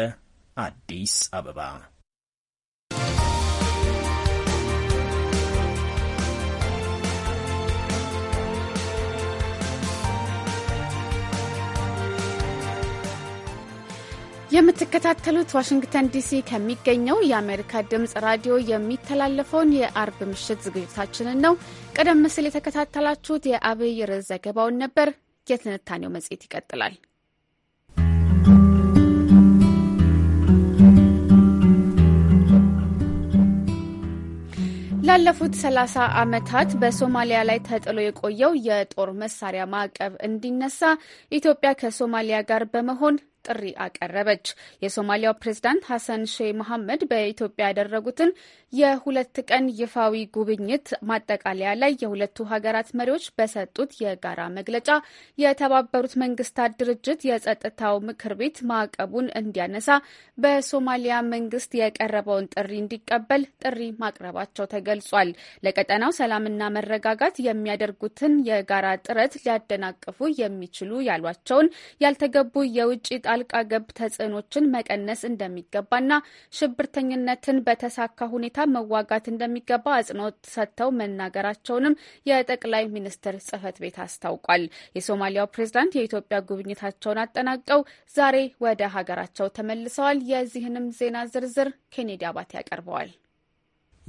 አዲስ አበባ የምትከታተሉት ዋሽንግተን ዲሲ ከሚገኘው የአሜሪካ ድምፅ ራዲዮ የሚተላለፈውን የአርብ ምሽት ዝግጅታችንን ነው። ቀደም ሲል የተከታተላችሁት የአብይ ርዕስ ዘገባውን ነበር። የትንታኔው መጽሔት ይቀጥላል። ላለፉት 30 ዓመታት በሶማሊያ ላይ ተጥሎ የቆየው የጦር መሳሪያ ማዕቀብ እንዲነሳ ኢትዮጵያ ከሶማሊያ ጋር በመሆን ጥሪ አቀረበች። የሶማሊያው ፕሬዝዳንት ሐሰን ሼህ መሐመድ በኢትዮጵያ ያደረጉትን የሁለት ቀን ይፋዊ ጉብኝት ማጠቃለያ ላይ የሁለቱ ሀገራት መሪዎች በሰጡት የጋራ መግለጫ የተባበሩት መንግስታት ድርጅት የጸጥታው ምክር ቤት ማዕቀቡን እንዲያነሳ በሶማሊያ መንግስት የቀረበውን ጥሪ እንዲቀበል ጥሪ ማቅረባቸው ተገልጿል። ለቀጠናው ሰላምና መረጋጋት የሚያደርጉትን የጋራ ጥረት ሊያደናቅፉ የሚችሉ ያሏቸውን ያልተገቡ የውጭ ጣልቃ ገብ ተጽዕኖችን መቀነስ እንደሚገባና ሽብርተኝነትን በተሳካ ሁኔታ መዋጋት እንደሚገባ አጽንኦት ሰጥተው መናገራቸውንም የጠቅላይ ሚኒስትር ጽህፈት ቤት አስታውቋል። የሶማሊያው ፕሬዝዳንት የኢትዮጵያ ጉብኝታቸውን አጠናቀው ዛሬ ወደ ሀገራቸው ተመልሰዋል። የዚህንም ዜና ዝርዝር ኬኔዲ አባት ያቀርበዋል።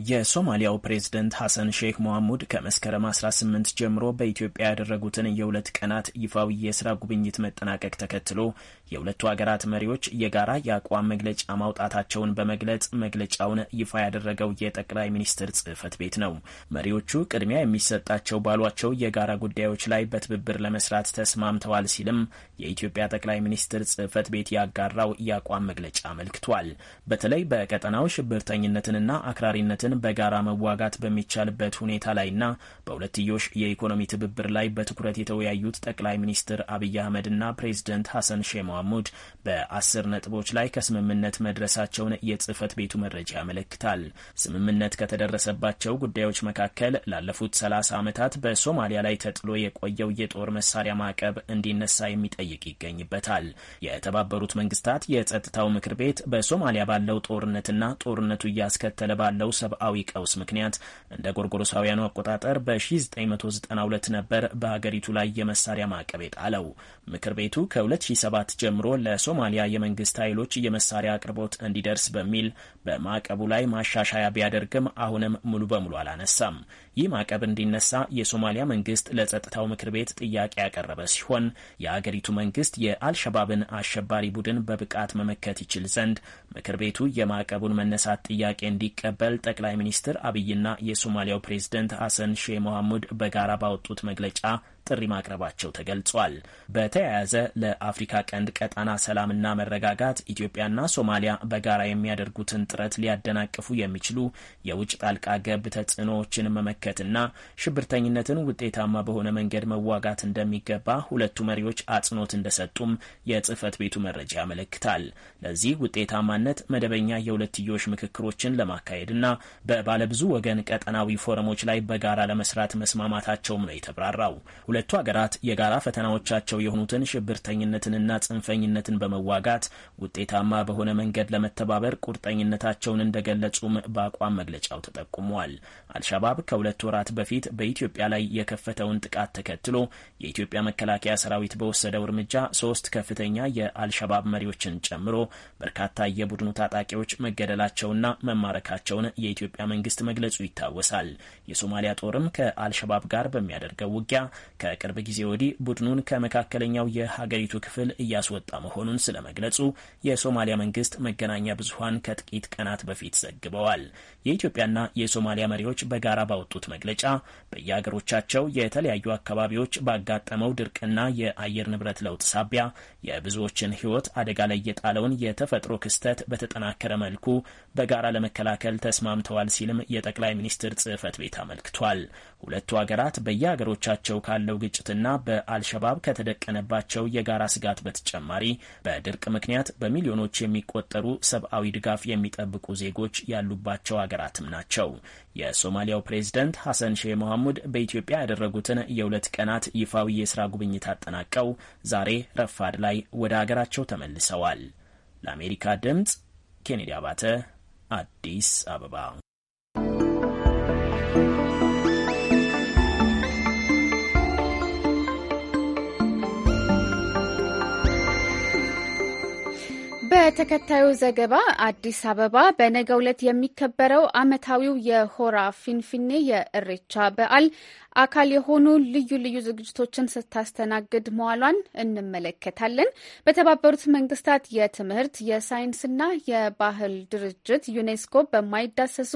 የሶማሊያው ፕሬዝደንት ሐሰን ሼክ መሐሙድ ከመስከረም 18 ጀምሮ በኢትዮጵያ ያደረጉትን የሁለት ቀናት ይፋዊ የስራ ጉብኝት መጠናቀቅ ተከትሎ የሁለቱ ሀገራት መሪዎች የጋራ የአቋም መግለጫ ማውጣታቸውን በመግለጽ መግለጫውን ይፋ ያደረገው የጠቅላይ ሚኒስትር ጽህፈት ቤት ነው። መሪዎቹ ቅድሚያ የሚሰጣቸው ባሏቸው የጋራ ጉዳዮች ላይ በትብብር ለመስራት ተስማምተዋል ሲልም የኢትዮጵያ ጠቅላይ ሚኒስትር ጽህፈት ቤት ያጋራው የአቋም መግለጫ አመልክቷል። በተለይ በቀጠናው ሽብርተኝነትንና አክራሪነትን በጋራ መዋጋት በሚቻልበት ሁኔታ ላይና በሁለትዮሽ የኢኮኖሚ ትብብር ላይ በትኩረት የተወያዩት ጠቅላይ ሚኒስትር አብይ አህመድና ፕሬዚደንት ሐሰን ሼማ መሐሙድ በአስር ነጥቦች ላይ ከስምምነት መድረሳቸውን የጽህፈት ቤቱ መረጃ ያመለክታል። ስምምነት ከተደረሰባቸው ጉዳዮች መካከል ላለፉት ሰላሳ ዓመታት በሶማሊያ ላይ ተጥሎ የቆየው የጦር መሳሪያ ማዕቀብ እንዲነሳ የሚጠይቅ ይገኝበታል። የተባበሩት መንግስታት የጸጥታው ምክር ቤት በሶማሊያ ባለው ጦርነትና ጦርነቱ እያስከተለ ባለው ሰብአዊ ቀውስ ምክንያት እንደ ጎርጎሮሳውያኑ አቆጣጠር በ1992 ነበር በሀገሪቱ ላይ የመሳሪያ ማዕቀብ የጣለው። ምክር ቤቱ ከ2007 ጀምሮ ለሶማሊያ የመንግስት ኃይሎች የመሳሪያ አቅርቦት እንዲደርስ በሚል በማዕቀቡ ላይ ማሻሻያ ቢያደርግም አሁንም ሙሉ በሙሉ አላነሳም። ይህ ማዕቀብ እንዲነሳ የሶማሊያ መንግስት ለጸጥታው ምክር ቤት ጥያቄ ያቀረበ ሲሆን የአገሪቱ መንግስት የአልሸባብን አሸባሪ ቡድን በብቃት መመከት ይችል ዘንድ ምክር ቤቱ የማዕቀቡን መነሳት ጥያቄ እንዲቀበል ጠቅላይ ሚኒስትር አብይና የሶማሊያው ፕሬዝደንት ሐሰን ሼህ መሐሙድ በጋራ ባወጡት መግለጫ ጥሪ ማቅረባቸው ተገልጿል። በተያያዘ ለአፍሪካ ቀንድ ቀጣና ሰላምና መረጋጋት ኢትዮጵያና ሶማሊያ በጋራ የሚያደርጉትን ጥረት ሊያደናቅፉ የሚችሉ የውጭ ጣልቃ ገብ ተጽዕኖዎችን መመከት መመልከትና ሽብርተኝነትን ውጤታማ በሆነ መንገድ መዋጋት እንደሚገባ ሁለቱ መሪዎች አጽንኦት እንደሰጡም የጽህፈት ቤቱ መረጃ ያመለክታል። ለዚህ ውጤታማነት መደበኛ የሁለትዮሽ ምክክሮችን ለማካሄድና በባለብዙ ወገን ቀጠናዊ ፎረሞች ላይ በጋራ ለመስራት መስማማታቸውም ነው የተብራራው። ሁለቱ ሀገራት የጋራ ፈተናዎቻቸው የሆኑትን ሽብርተኝነትንና ጽንፈኝነትን በመዋጋት ውጤታማ በሆነ መንገድ ለመተባበር ቁርጠኝነታቸውን እንደገለጹም በአቋም መግለጫው ተጠቁሟል። አልሻባብ ከሁለ ከሁለት ወራት በፊት በኢትዮጵያ ላይ የከፈተውን ጥቃት ተከትሎ የኢትዮጵያ መከላከያ ሰራዊት በወሰደው እርምጃ ሶስት ከፍተኛ የአልሸባብ መሪዎችን ጨምሮ በርካታ የቡድኑ ታጣቂዎች መገደላቸውና መማረካቸውን የኢትዮጵያ መንግስት መግለጹ ይታወሳል። የሶማሊያ ጦርም ከአልሸባብ ጋር በሚያደርገው ውጊያ ከቅርብ ጊዜ ወዲህ ቡድኑን ከመካከለኛው የሀገሪቱ ክፍል እያስወጣ መሆኑን ስለመግለጹ የሶማሊያ መንግስት መገናኛ ብዙሀን ከጥቂት ቀናት በፊት ዘግበዋል። የኢትዮጵያና የሶማሊያ መሪዎች በጋራ ባወጡት መግለጫ በየሀገሮቻቸው የተለያዩ አካባቢዎች ባጋጠመው ድርቅና የአየር ንብረት ለውጥ ሳቢያ የብዙዎችን ሕይወት አደጋ ላይ የጣለውን የተፈጥሮ ክስተት በተጠናከረ መልኩ በጋራ ለመከላከል ተስማምተዋል ሲልም የጠቅላይ ሚኒስትር ጽህፈት ቤት አመልክቷል። ሁለቱ ሀገራት በየሀገሮቻቸው ካለው ግጭትና በአልሸባብ ከተደቀነባቸው የጋራ ስጋት በተጨማሪ በድርቅ ምክንያት በሚሊዮኖች የሚቆጠሩ ሰብአዊ ድጋፍ የሚጠብቁ ዜጎች ያሉባቸው ሀገራትም ናቸው። የሶማሊያው ፕሬዝደንት ሐሰን ሼህ መሐሙድ በኢትዮጵያ ያደረጉትን የሁለት ቀናት ይፋዊ የስራ ጉብኝት አጠናቀው ዛሬ ረፋድ ላይ ወደ ሀገራቸው ተመልሰዋል። ለአሜሪካ ድምጽ ኬኔዲ አባተ አዲስ አበባ ተከታዩ ዘገባ አዲስ አበባ በነገ ዕለት የሚከበረው ዓመታዊው የሆራ ፊንፊኔ የእሬቻ በዓል አካል የሆኑ ልዩ ልዩ ዝግጅቶችን ስታስተናግድ መዋሏን እንመለከታለን። በተባበሩት መንግስታት የትምህርት የሳይንስና የባህል ድርጅት ዩኔስኮ በማይዳሰሱ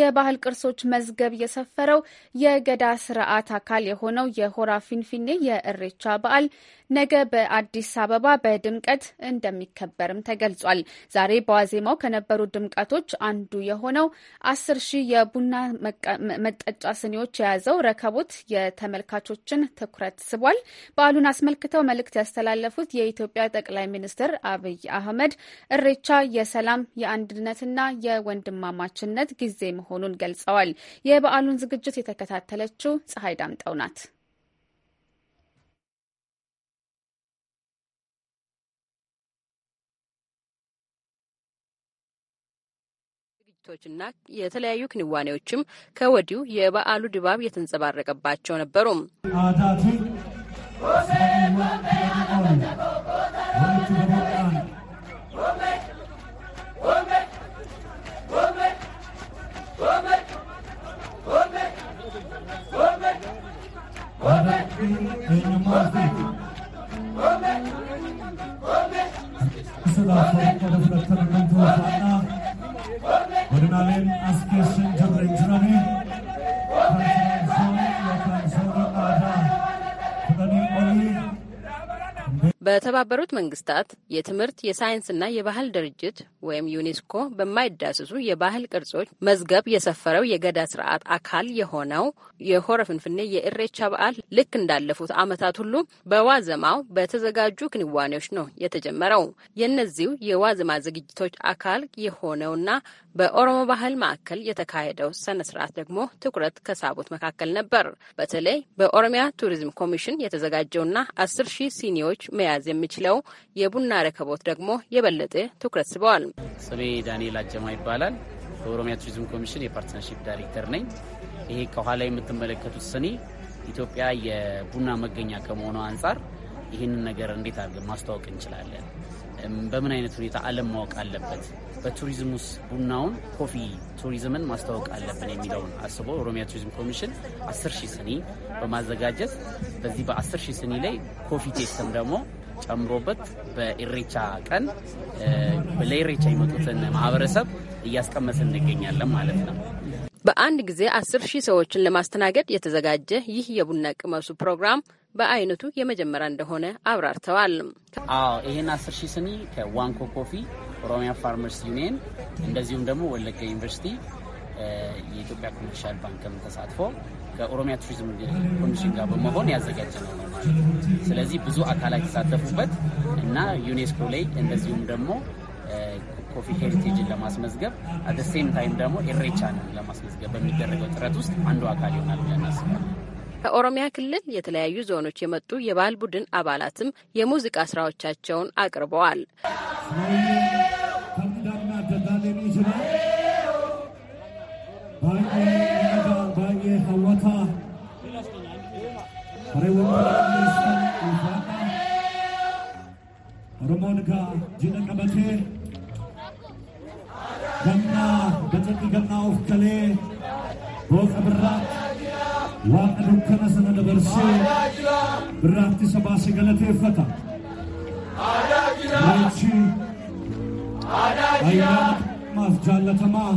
የባህል ቅርሶች መዝገብ የሰፈረው የገዳ ስርዓት አካል የሆነው የሆራ ፊንፊኔ የእሬቻ በዓል ነገ በአዲስ አበባ በድምቀት እንደሚከበርም ተገልጿል። ዛሬ በዋዜማው ከነበሩ ድምቀቶች አንዱ የሆነው አስር ሺህ የቡና መጠጫ ስኒዎች የያዘው ረከቦት የተመልካቾችን ትኩረት ስቧል። በዓሉን አስመልክተው መልእክት ያስተላለፉት የኢትዮጵያ ጠቅላይ ሚኒስትር አብይ አህመድ እሬቻ የሰላም የአንድነትና የወንድማማችነት ጊዜ መሆኑን ገልጸዋል። የበዓሉን ዝግጅት የተከታተለችው ፀሐይ ዳምጠው ናት። ዝግጅቶችና የተለያዩ ክንዋኔዎችም ከወዲሁ የበዓሉ ድባብ የተንጸባረቀባቸው ነበሩ። በተባበሩት መንግስታት የትምህርት የሳይንስና የባህል ድርጅት ወይም ዩኔስኮ በማይዳሰሱ የባህል ቅርጾች መዝገብ የሰፈረው የገዳ ስርዓት አካል የሆነው የሆረ ፍንፍኔ የእሬቻ በዓል ልክ እንዳለፉት ዓመታት ሁሉ በዋዘማው በተዘጋጁ ክንዋኔዎች ነው የተጀመረው። የእነዚሁ የዋዘማ ዝግጅቶች አካል የሆነውና በኦሮሞ ባህል ማዕከል የተካሄደው ስነ ስርዓት ደግሞ ትኩረት ከሳቡት መካከል ነበር። በተለይ በኦሮሚያ ቱሪዝም ኮሚሽን የተዘጋጀውና አስር ሺህ ሲኒዎች መያዝ የሚችለው የቡና ረከቦት ደግሞ የበለጠ ትኩረት ስበዋል። ስሜ ዳንኤል አጀማ ይባላል። በኦሮሚያ ቱሪዝም ኮሚሽን የፓርትነርሺፕ ዳይሬክተር ነኝ። ይሄ ከኋላ የምትመለከቱት ስኒ ኢትዮጵያ የቡና መገኛ ከመሆኑ አንጻር ይህንን ነገር እንዴት አድርገን ማስተዋወቅ እንችላለን፣ በምን አይነት ሁኔታ ዓለም ማወቅ አለበት በቱሪዝም ውስጥ ቡናውን ኮፊ ቱሪዝምን ማስተዋወቅ አለብን የሚለውን አስቦ ኦሮሚያ ቱሪዝም ኮሚሽን አስር ሺህ ስኒ በማዘጋጀት በዚህ በአስር ሺህ ስኒ ላይ ኮፊ ቴስትም ደግሞ ጨምሮበት በኢሬቻ ቀን ለኢሬቻ የመጡትን ማህበረሰብ እያስቀመስ እንገኛለን ማለት ነው። በአንድ ጊዜ አስር ሺህ ሰዎችን ለማስተናገድ የተዘጋጀ ይህ የቡና ቅመሱ ፕሮግራም በአይነቱ የመጀመሪያ እንደሆነ አብራርተዋል። አዎ ይህን አስር ሺህ ስኒ ከዋንኮ ኮፊ፣ ኦሮሚያ ፋርመርስ ዩኒየን እንደዚሁም ደግሞ ወለጋ ዩኒቨርሲቲ የኢትዮጵያ ኮሜርሻል ባንክም ተሳትፎ ከኦሮሚያ ቱሪዝም ኮሚሽን ጋር በመሆን ያዘጋጀ ነው ማለት ነው። ስለዚህ ብዙ አካላት የተሳተፉበት እና ዩኔስኮ ላይ እንደዚሁም ደግሞ ኮፊ ሄሪቴጅን ለማስመዝገብ አት ሴም ታይም ደግሞ ኢሬቻንን ለማስመዝገብ በሚደረገው ጥረት ውስጥ አንዱ አካል ይሆናል ብለን እናስባለን። ከኦሮሚያ ክልል የተለያዩ ዞኖች የመጡ የባህል ቡድን አባላትም የሙዚቃ ስራዎቻቸውን አቅርበዋል። ኦሮሞን ጋ ጅነ gamnaa gacanni gamnaa of galee booqa birraa waaqa dukkana sana dabarsee birraatti isa baase galateeffata. Reechi ayyaana maaf jaallatamaa.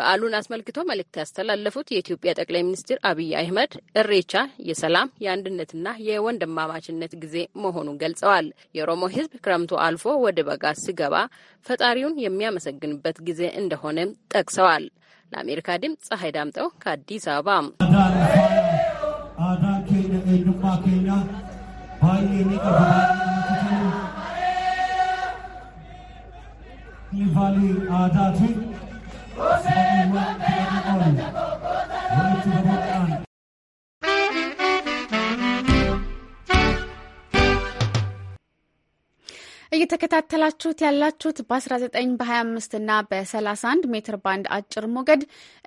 በዓሉን አስመልክቶ መልእክት ያስተላለፉት የኢትዮጵያ ጠቅላይ ሚኒስትር አብይ አህመድ እሬቻ የሰላም የአንድነትና የወንድማማችነት ጊዜ መሆኑን ገልጸዋል። የኦሮሞ ሕዝብ ክረምቱ አልፎ ወደ በጋ ሲገባ ፈጣሪውን የሚያመሰግንበት ጊዜ እንደሆነም ጠቅሰዋል። ለአሜሪካ ድምፅ ፀሐይ ዳምጠው ከአዲስ አበባ። ባይ Jose Pombe Alabajabo, Kota Rota Tabe. እየተከታተላችሁት ያላችሁት በ19 በ25 እና በ31 ሜትር ባንድ አጭር ሞገድ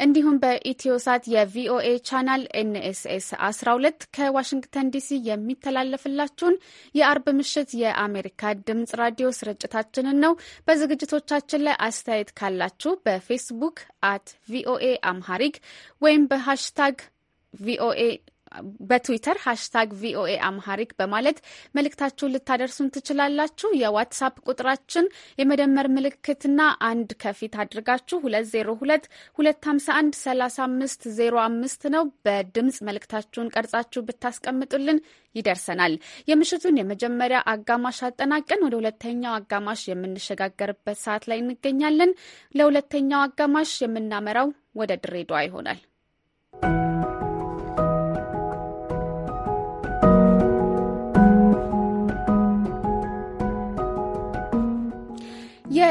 እንዲሁም በኢትዮሳት የቪኦኤ ቻናል ኤንኤስኤስ 12 ከዋሽንግተን ዲሲ የሚተላለፍላችሁን የአርብ ምሽት የአሜሪካ ድምጽ ራዲዮ ስርጭታችንን ነው። በዝግጅቶቻችን ላይ አስተያየት ካላችሁ በፌስቡክ አት ቪኦኤ አምሃሪክ ወይም በሃሽታግ ቪኦኤ በትዊተር ሃሽታግ ቪኦኤ አምሃሪክ በማለት መልእክታችሁን ልታደርሱን ትችላላችሁ። የዋትሳፕ ቁጥራችን የመደመር ምልክትና አንድ ከፊት አድርጋችሁ 2022513505 ነው። በድምጽ መልእክታችሁን ቀርጻችሁ ብታስቀምጡልን ይደርሰናል። የምሽቱን የመጀመሪያ አጋማሽ አጠናቀን ወደ ሁለተኛው አጋማሽ የምንሸጋገርበት ሰዓት ላይ እንገኛለን። ለሁለተኛው አጋማሽ የምናመራው ወደ ድሬዳዋ ይሆናል።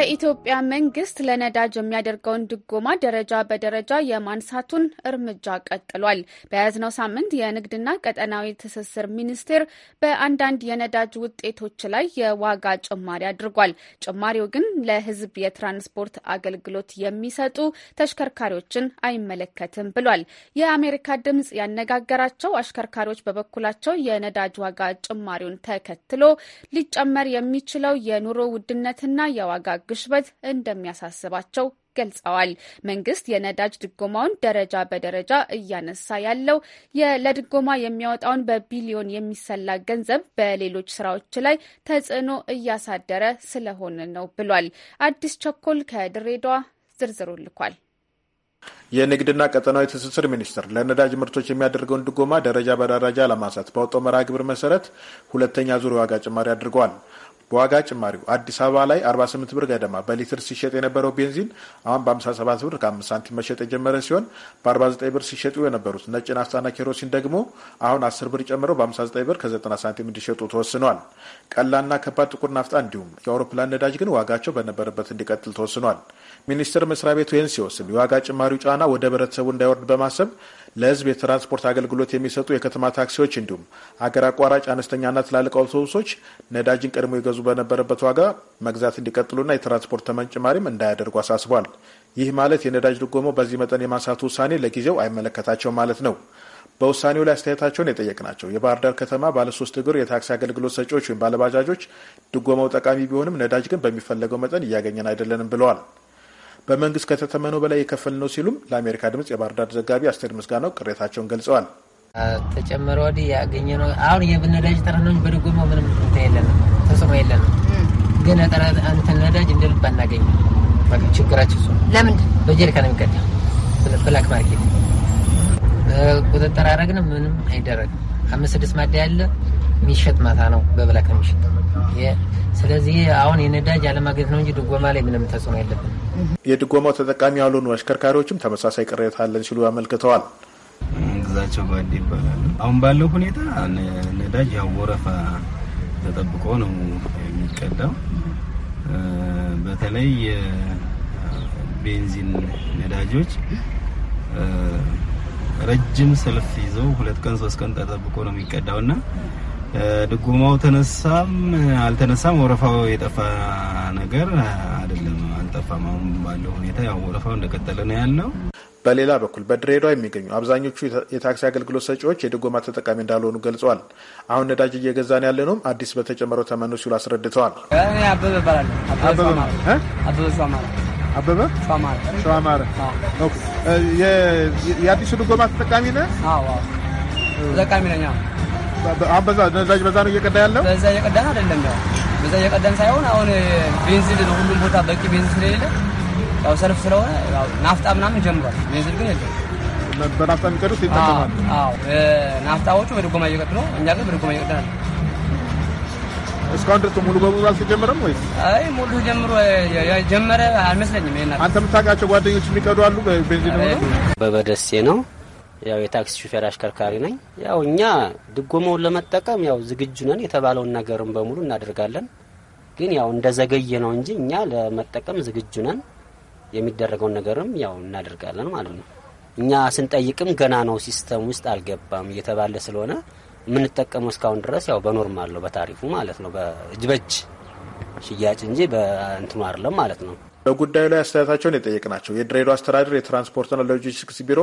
የኢትዮጵያ መንግስት ለነዳጅ የሚያደርገውን ድጎማ ደረጃ በደረጃ የማንሳቱን እርምጃ ቀጥሏል። በያዝነው ሳምንት የንግድና ቀጠናዊ ትስስር ሚኒስቴር በአንዳንድ የነዳጅ ውጤቶች ላይ የዋጋ ጭማሪ አድርጓል። ጭማሪው ግን ለሕዝብ የትራንስፖርት አገልግሎት የሚሰጡ ተሽከርካሪዎችን አይመለከትም ብሏል። የአሜሪካ ድምጽ ያነጋገራቸው አሽከርካሪዎች በበኩላቸው የነዳጅ ዋጋ ጭማሪውን ተከትሎ ሊጨመር የሚችለው የኑሮ ውድነትና የዋጋ ግሽበት እንደሚያሳስባቸው ገልጸዋል። መንግስት የነዳጅ ድጎማውን ደረጃ በደረጃ እያነሳ ያለው ለድጎማ የሚያወጣውን በቢሊዮን የሚሰላ ገንዘብ በሌሎች ስራዎች ላይ ተጽዕኖ እያሳደረ ስለሆነ ነው ብሏል። አዲስ ቸኮል ከድሬዳዋ ዝርዝሩ ልኳል። የንግድና ቀጠናዊ ትስስር ሚኒስቴር ለነዳጅ ምርቶች የሚያደርገውን ድጎማ ደረጃ በደረጃ ለማንሳት በወጣው መርሃ ግብር መሰረት ሁለተኛ ዙር ዋጋ ጭማሪ አድርገዋል። በዋጋ ጭማሪው አዲስ አበባ ላይ 48 ብር ገደማ በሊትር ሲሸጥ የነበረው ቤንዚን አሁን በ57 ብር ከ5 ሳንቲም መሸጥ የጀመረ ሲሆን በ49 ብር ሲሸጡ የነበሩት ነጭ ናፍጣና ኬሮሲን ደግሞ አሁን 10 ብር ጨምረው በ59 ብር ከ90 ሳንቲም እንዲሸጡ ተወስኗል። ቀላና ከባድ ጥቁር ናፍጣ እንዲሁም የአውሮፕላን ነዳጅ ግን ዋጋቸው በነበረበት እንዲቀጥል ተወስኗል። ሚኒስቴር መስሪያ ቤቱ ይህን ሲወስን የዋጋ ጭማሪው ጫና ወደ ህብረተሰቡ እንዳይወርድ በማሰብ ለህዝብ የትራንስፖርት አገልግሎት የሚሰጡ የከተማ ታክሲዎች እንዲሁም አገር አቋራጭ አነስተኛና ትላልቅ አውቶቡሶች ነዳጅን ቀድሞ ይገዙ በነበረበት ዋጋ መግዛት እንዲቀጥሉና የትራንስፖርት ተመን ጭማሪም እንዳያደርጉ አሳስቧል። ይህ ማለት የነዳጅ ድጎማው በዚህ መጠን የማንሳቱ ውሳኔ ለጊዜው አይመለከታቸውም ማለት ነው። በውሳኔው ላይ አስተያየታቸውን የጠየቅናቸው የባህር ዳር ከተማ ባለሶስት እግር የታክሲ አገልግሎት ሰጪዎች ወይም ባለባጃጆች ድጎማው ጠቃሚ ቢሆንም ነዳጅ ግን በሚፈለገው መጠን እያገኘን አይደለንም ብለዋል። በመንግስት ከተተመነው በላይ የከፈል ነው ሲሉም ለአሜሪካ ድምጽ የባህር ዳር ዘጋቢ አስቴር ምስጋናው ቅሬታቸውን ገልጸዋል። ተጨምሮ ወዲህ ያገኘ ነው። አሁን የብን ነዳጅ ጠረ ነው። በድጎማ ምንም የለንም፣ ተጽዕኖ የለንም። ግን ጠረ እንትን ነዳጅ እንደ ልብ አናገኝ። ችግራችን እሱ ነው። ለምንድን ነው የሚቀዳ ብላክ ማርኬት ቁጥጥር አረግን፣ ምንም አይደረግም። አምስት ስድስት ማዳ ያለ የሚሸጥ ማታ ነው በብላክ የሚሸጥ ስለዚህ አሁን የነዳጅ አለማግኘት ነው እንጂ ድጎማ ላይ ምንም ተጽዕኖ የለብን። የድጎማው ተጠቃሚ ያልሆኑ አሽከርካሪዎችም ተመሳሳይ ቅሬታ አለን ሲሉ አመልክተዋል። ግዛቸው ጓዴ ይባላል። አሁን ባለው ሁኔታ ነዳጅ ያው ወረፋ ተጠብቆ ነው የሚቀዳው። በተለይ የቤንዚን ነዳጆች ረጅም ሰልፍ ይዘው ሁለት ቀን ሶስት ቀን ተጠብቆ ነው የሚቀዳውና ድጉማው ተነሳም አልተነሳም ወረፋው የጠፋ ነገር አይደለም፣ አልጠፋም። አሁን ባለው ሁኔታ ያው ወረፋው እንደቀጠለ ነው ያለው። በሌላ በኩል በድሬዳዋ የሚገኙ አብዛኞቹ የታክሲ አገልግሎት ሰጪዎች የድጎማ ተጠቃሚ እንዳልሆኑ ገልጸዋል። አሁን ነዳጅ እየገዛን ያለ ነውም አዲስ በተጨመረው ተመኑ ሲሉ አስረድተዋል። አበበ አበበ የአዲሱ ድጎማ ተጠቃሚ ተጠቃሚ ነኝ። አሁን በዛ ነዳጅ በዛ ነው እየቀዳ ያለው። በዛ እየቀዳን አይደለም ያው በዛ እየቀዳን ሳይሆን አሁን ቤንዚን ነው ሁሉም ቦታ በቂ ቤንዚን ስለሌለ ያው ሰልፍ ስለሆነ ናፍጣ ምናምን ጀምሯል። ቤንዚን ግን የለም። በናፍጣ የሚቀዱት ይጠቀማሉ። አዎ ናፍጣዎቹ በድጎማ እየቀዱ ነው፣ እኛ ግን በድጎማ እየቀዳን ነው። እስካሁን ድረስ ሙሉ በሙሉ አልተጀመረም ወይስ? አይ ሙሉ ጀምሮ ጀመረ አልመስለኝም። ይሄን አንተ የምታውቃቸው ጓደኞች የሚቀዱ አሉ። በቤንዚን ነው በበደሴ ነው ያው የታክሲ ሹፌር አሽከርካሪ ነኝ። ያው እኛ ድጎመውን ለመጠቀም ያው ዝግጁ ነን። የተባለውን ነገርን በሙሉ እናደርጋለን። ግን ያው እንደ ዘገየ ነው እንጂ እኛ ለመጠቀም ዝግጁ ነን። የሚደረገውን ነገርም ያው እናደርጋለን ማለት ነው። እኛ ስንጠይቅም ገና ነው ሲስተም ውስጥ አልገባም እየተባለ ስለሆነ የምንጠቀመው እስካሁን ድረስ ያው በኖርማል ነው፣ በታሪፉ ማለት ነው። በእጅ በእጅ ሽያጭ እንጂ በእንትኑ አይደለም ማለት ነው። በጉዳዩ ላይ አስተያየታቸውን የጠየቅናቸው የድሬዳዋ አስተዳደር የትራንስፖርትና ሎጂስቲክስ ቢሮ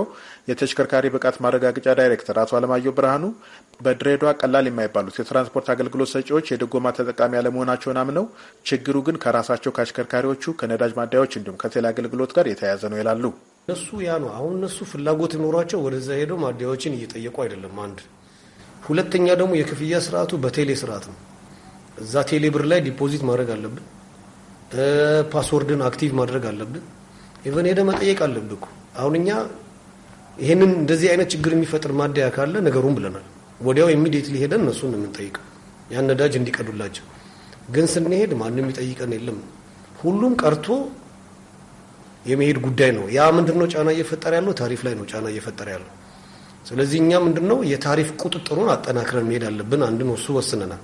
የተሽከርካሪ ብቃት ማረጋገጫ ዳይሬክተር አቶ አለማየሁ ብርሃኑ በድሬዳዋ ቀላል የማይባሉት የትራንስፖርት አገልግሎት ሰጪዎች የድጎማ ተጠቃሚ አለመሆናቸውን አምነው ችግሩ ግን ከራሳቸው ከአሽከርካሪዎቹ፣ ከነዳጅ ማደያዎች እንዲሁም ከቴሌ አገልግሎት ጋር የተያያዘ ነው ይላሉ። እነሱ ያ ነው አሁን እነሱ ፍላጎት ይኖሯቸው ወደዛ ሄደው ማደያዎችን እየጠየቁ አይደለም። አንድ ሁለተኛ ደግሞ የክፍያ ስርዓቱ በቴሌ ስርዓት ነው። እዛ ቴሌ ብር ላይ ዲፖዚት ማድረግ አለብን ፓስወርድን አክቲቭ ማድረግ አለብን። ኢቨን ሄደ መጠየቅ አለብ እኮ አሁን እኛ ይህንን እንደዚህ አይነት ችግር የሚፈጥር ማደያ ካለ ነገሩን ብለናል። ወዲያው ኢሚዲየትሊ ሄደን እነሱን የምንጠይቀው ያን ነዳጅ እንዲቀዱላቸው። ግን ስንሄድ ማንም የሚጠይቀን የለም። ሁሉም ቀርቶ የመሄድ ጉዳይ ነው። ያ ምንድነው ጫና እየፈጠረ ያለው? ታሪፍ ላይ ነው ጫና እየፈጠረ ያለው። ስለዚህ እኛ ምንድነው የታሪፍ ቁጥጥሩን አጠናክረን መሄድ አለብን። አንድን እሱ ወስነናል።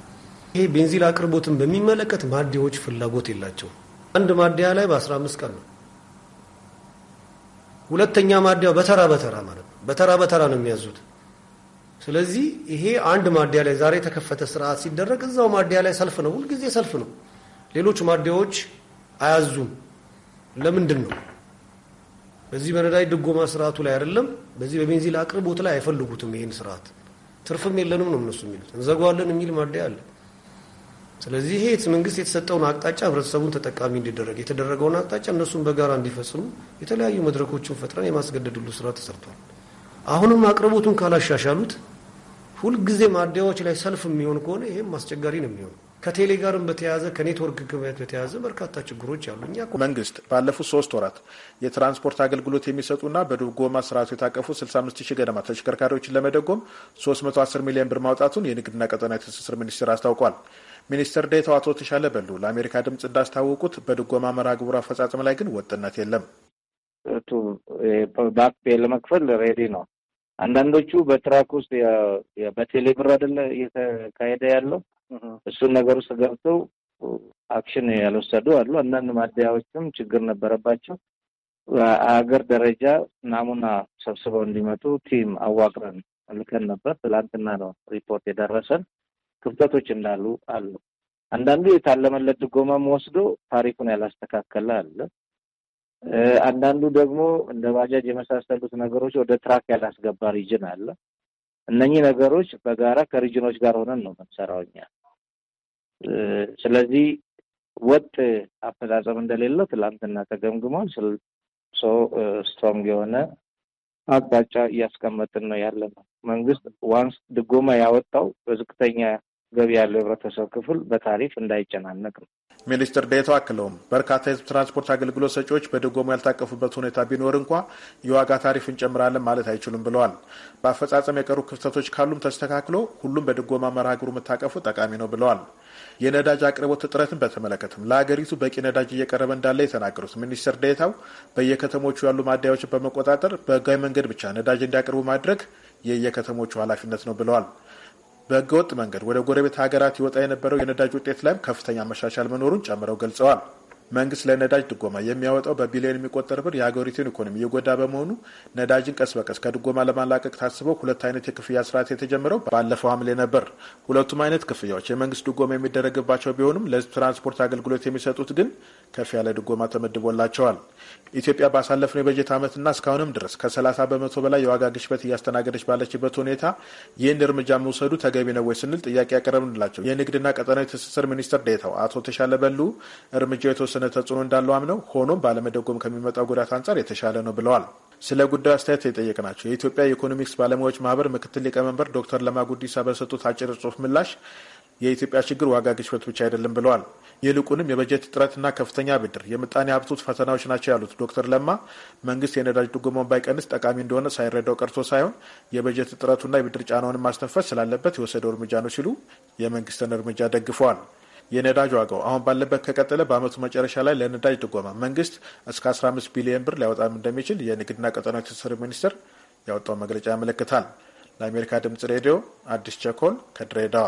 ይሄ ቤንዚን አቅርቦትን በሚመለከት ማደያዎች ፍላጎት የላቸውም። አንድ ማደያ ላይ በ15 ቀን ነው። ሁለተኛ ማደያ በተራ በተራ ማለት ነው። በተራ በተራ ነው የሚያዙት። ስለዚህ ይሄ አንድ ማደያ ላይ ዛሬ የተከፈተ ስርዓት ሲደረግ እዛው ማደያ ላይ ሰልፍ ነው፣ ሁልጊዜ ሰልፍ ነው። ሌሎች ማደያዎች አያዙም። ለምንድን ነው? በዚህ በነዳጅ ድጎማ ስርዓቱ ላይ አይደለም፣ በዚህ በቤንዚን አቅርቦት ላይ አይፈልጉትም። ይህን ስርዓት ትርፍም የለንም ነው እነሱ የሚሉት። እንዘጓለን የሚል ማደያ አለ። ስለዚህ ይሄ መንግስት የተሰጠውን አቅጣጫ ህብረተሰቡን ተጠቃሚ እንዲደረግ የተደረገውን አቅጣጫ እነሱን በጋራ እንዲፈጽሙ የተለያዩ መድረኮችን ፈጥረን የማስገደድ ስራ ተሰርቷል። አሁንም አቅርቦቱን ካላሻሻሉት ሁልጊዜ ማደያዎች ላይ ሰልፍ የሚሆን ከሆነ ይህም አስቸጋሪ ነው የሚሆኑ ከቴሌ ጋርም በተያያዘ ከኔትወርክ ክበት በተያያዘ በርካታ ችግሮች አሉ። እኛ መንግስት ባለፉት ሶስት ወራት የትራንስፖርት አገልግሎት የሚሰጡና ጎማ ስርዓቱ የታቀፉ 65 ሺህ ገደማ ተሽከርካሪዎችን ለመደጎም 310 ሚሊዮን ብር ማውጣቱን የንግድና ቀጠና ትስስር ሚኒስቴር አስታውቋል። ሚኒስትር ዴኤታው አቶ ተሻለ በሉ ለአሜሪካ ድምፅ እንዳስታወቁት በድጎማ መርሃ ግብሩ አፈጻጸም ላይ ግን ወጥነት የለም። ባክ ፔ ለመክፈል ሬዲ ነው። አንዳንዶቹ በትራክ ውስጥ በቴሌብር አይደለ እየተካሄደ ያለው እሱን ነገር ውስጥ ገብተው አክሽን ያልወሰዱ አሉ። አንዳንድ ማደያዎችም ችግር ነበረባቸው። አገር ደረጃ ናሙና ሰብስበው እንዲመጡ ቲም አዋቅረን ልከን ነበር። ትላንትና ነው ሪፖርት የደረሰን። ክፍተቶች እንዳሉ አሉ። አንዳንዱ የታለመለት ድጎማም ወስዶ ታሪኩን ያላስተካከለ አለ። አንዳንዱ ደግሞ እንደ ባጃጅ የመሳሰሉት ነገሮች ወደ ትራክ ያላስገባ ሪጅን አለ። እነኚህ ነገሮች በጋራ ከሪጅኖች ጋር ሆነን ነው የምንሰራው ስለዚህ ወጥ አፈጻጸም እንደሌለው ትላንትና ተገምግሟል። ሶ ስትሮንግ የሆነ አቅጣጫ እያስቀመጥን ነው ያለ ነው። መንግስት ዋንስ ድጎማ ያወጣው በዝቅተኛ ገቢ ያለው የህብረተሰብ ክፍል በታሪፍ እንዳይጨናነቅ ነው። ሚኒስትር ዴኤታው አክለውም በርካታ የህዝብ ትራንስፖርት አገልግሎት ሰጪዎች በድጎማ ያልታቀፉበት ሁኔታ ቢኖር እንኳ የዋጋ ታሪፍ እንጨምራለን ማለት አይችሉም ብለዋል። በአፈጻጸም የቀሩ ክፍተቶች ካሉም ተስተካክሎ ሁሉም በድጎማ መርሃ ግብሩ መታቀፉ ጠቃሚ ነው ብለዋል። የነዳጅ አቅርቦት እጥረትን በተመለከተም ለሀገሪቱ በቂ ነዳጅ እየቀረበ እንዳለ የተናገሩት ሚኒስትር ዴታው በየከተሞቹ ያሉ ማደያዎችን በመቆጣጠር በህጋዊ መንገድ ብቻ ነዳጅ እንዲያቀርቡ ማድረግ የየከተሞቹ ኃላፊነት ነው ብለዋል። በህገወጥ መንገድ ወደ ጎረቤት ሀገራት ይወጣ የነበረው የነዳጅ ውጤት ላይም ከፍተኛ መሻሻል መኖሩን ጨምረው ገልጸዋል። መንግስት ለነዳጅ ድጎማ የሚያወጣው በቢሊዮን የሚቆጠር ብር የሀገሪቱን ኢኮኖሚ የጎዳ በመሆኑ ነዳጅን ቀስ በቀስ ከድጎማ ለማላቀቅ ታስበው ሁለት አይነት የክፍያ ስርዓት የተጀመረው ባለፈው ሐምሌ ነበር። ሁለቱም አይነት ክፍያዎች የመንግስት ድጎማ የሚደረግባቸው ቢሆኑም ለህዝብ ትራንስፖርት አገልግሎት የሚሰጡት ግን ከፍ ያለ ድጎማ ተመድቦላቸዋል። ኢትዮጵያ ባሳለፍነው የበጀት ዓመትና እስካሁንም ድረስ ከ30 በመቶ በላይ የዋጋ ግሽበት እያስተናገደች ባለችበት ሁኔታ ይህን እርምጃ መውሰዱ ተገቢ ነው ወይ ስንል ጥያቄ ያቀረብንላቸው የንግድና ቀጠናዊ ትስስር ሚኒስትር ዴታው አቶ ተሻለ በሉ እርምጃው የተወሰነ የሆነ ተጽዕኖ እንዳለው አምነው ሆኖም ባለመደጎም ከሚመጣው ጉዳት አንጻር የተሻለ ነው ብለዋል። ስለ ጉዳዩ አስተያየት የጠየቅናቸው የኢትዮጵያ የኢኮኖሚክስ ባለሙያዎች ማህበር ምክትል ሊቀመንበር ዶክተር ለማ ጉዲሳ በሰጡት አጭር ጽሁፍ ምላሽ የኢትዮጵያ ችግር ዋጋ ግሽበት ብቻ አይደለም ብለዋል። ይልቁንም የበጀት እጥረትና ከፍተኛ ብድር፣ የምጣኔ ሀብቶች ፈተናዎች ናቸው ያሉት ዶክተር ለማ መንግስት የነዳጅ ድጎማውን ባይቀንስ ጠቃሚ እንደሆነ ሳይረዳው ቀርቶ ሳይሆን የበጀት እጥረቱና የብድር ጫናውን ማስተንፈስ ስላለበት የወሰደው እርምጃ ነው ሲሉ የመንግስትን እርምጃ ደግፈዋል። የነዳጅ ዋጋው አሁን ባለበት ከቀጠለ በአመቱ መጨረሻ ላይ ለነዳጅ ድጎማ መንግስት እስከ 15 ቢሊዮን ብር ሊያወጣም እንደሚችል የንግድና ቀጠናዊ ትስስር ሚኒስቴር ያወጣው መግለጫ ያመለክታል። ለአሜሪካ ድምጽ ሬዲዮ አዲስ ቸኮል ከድሬዳዋ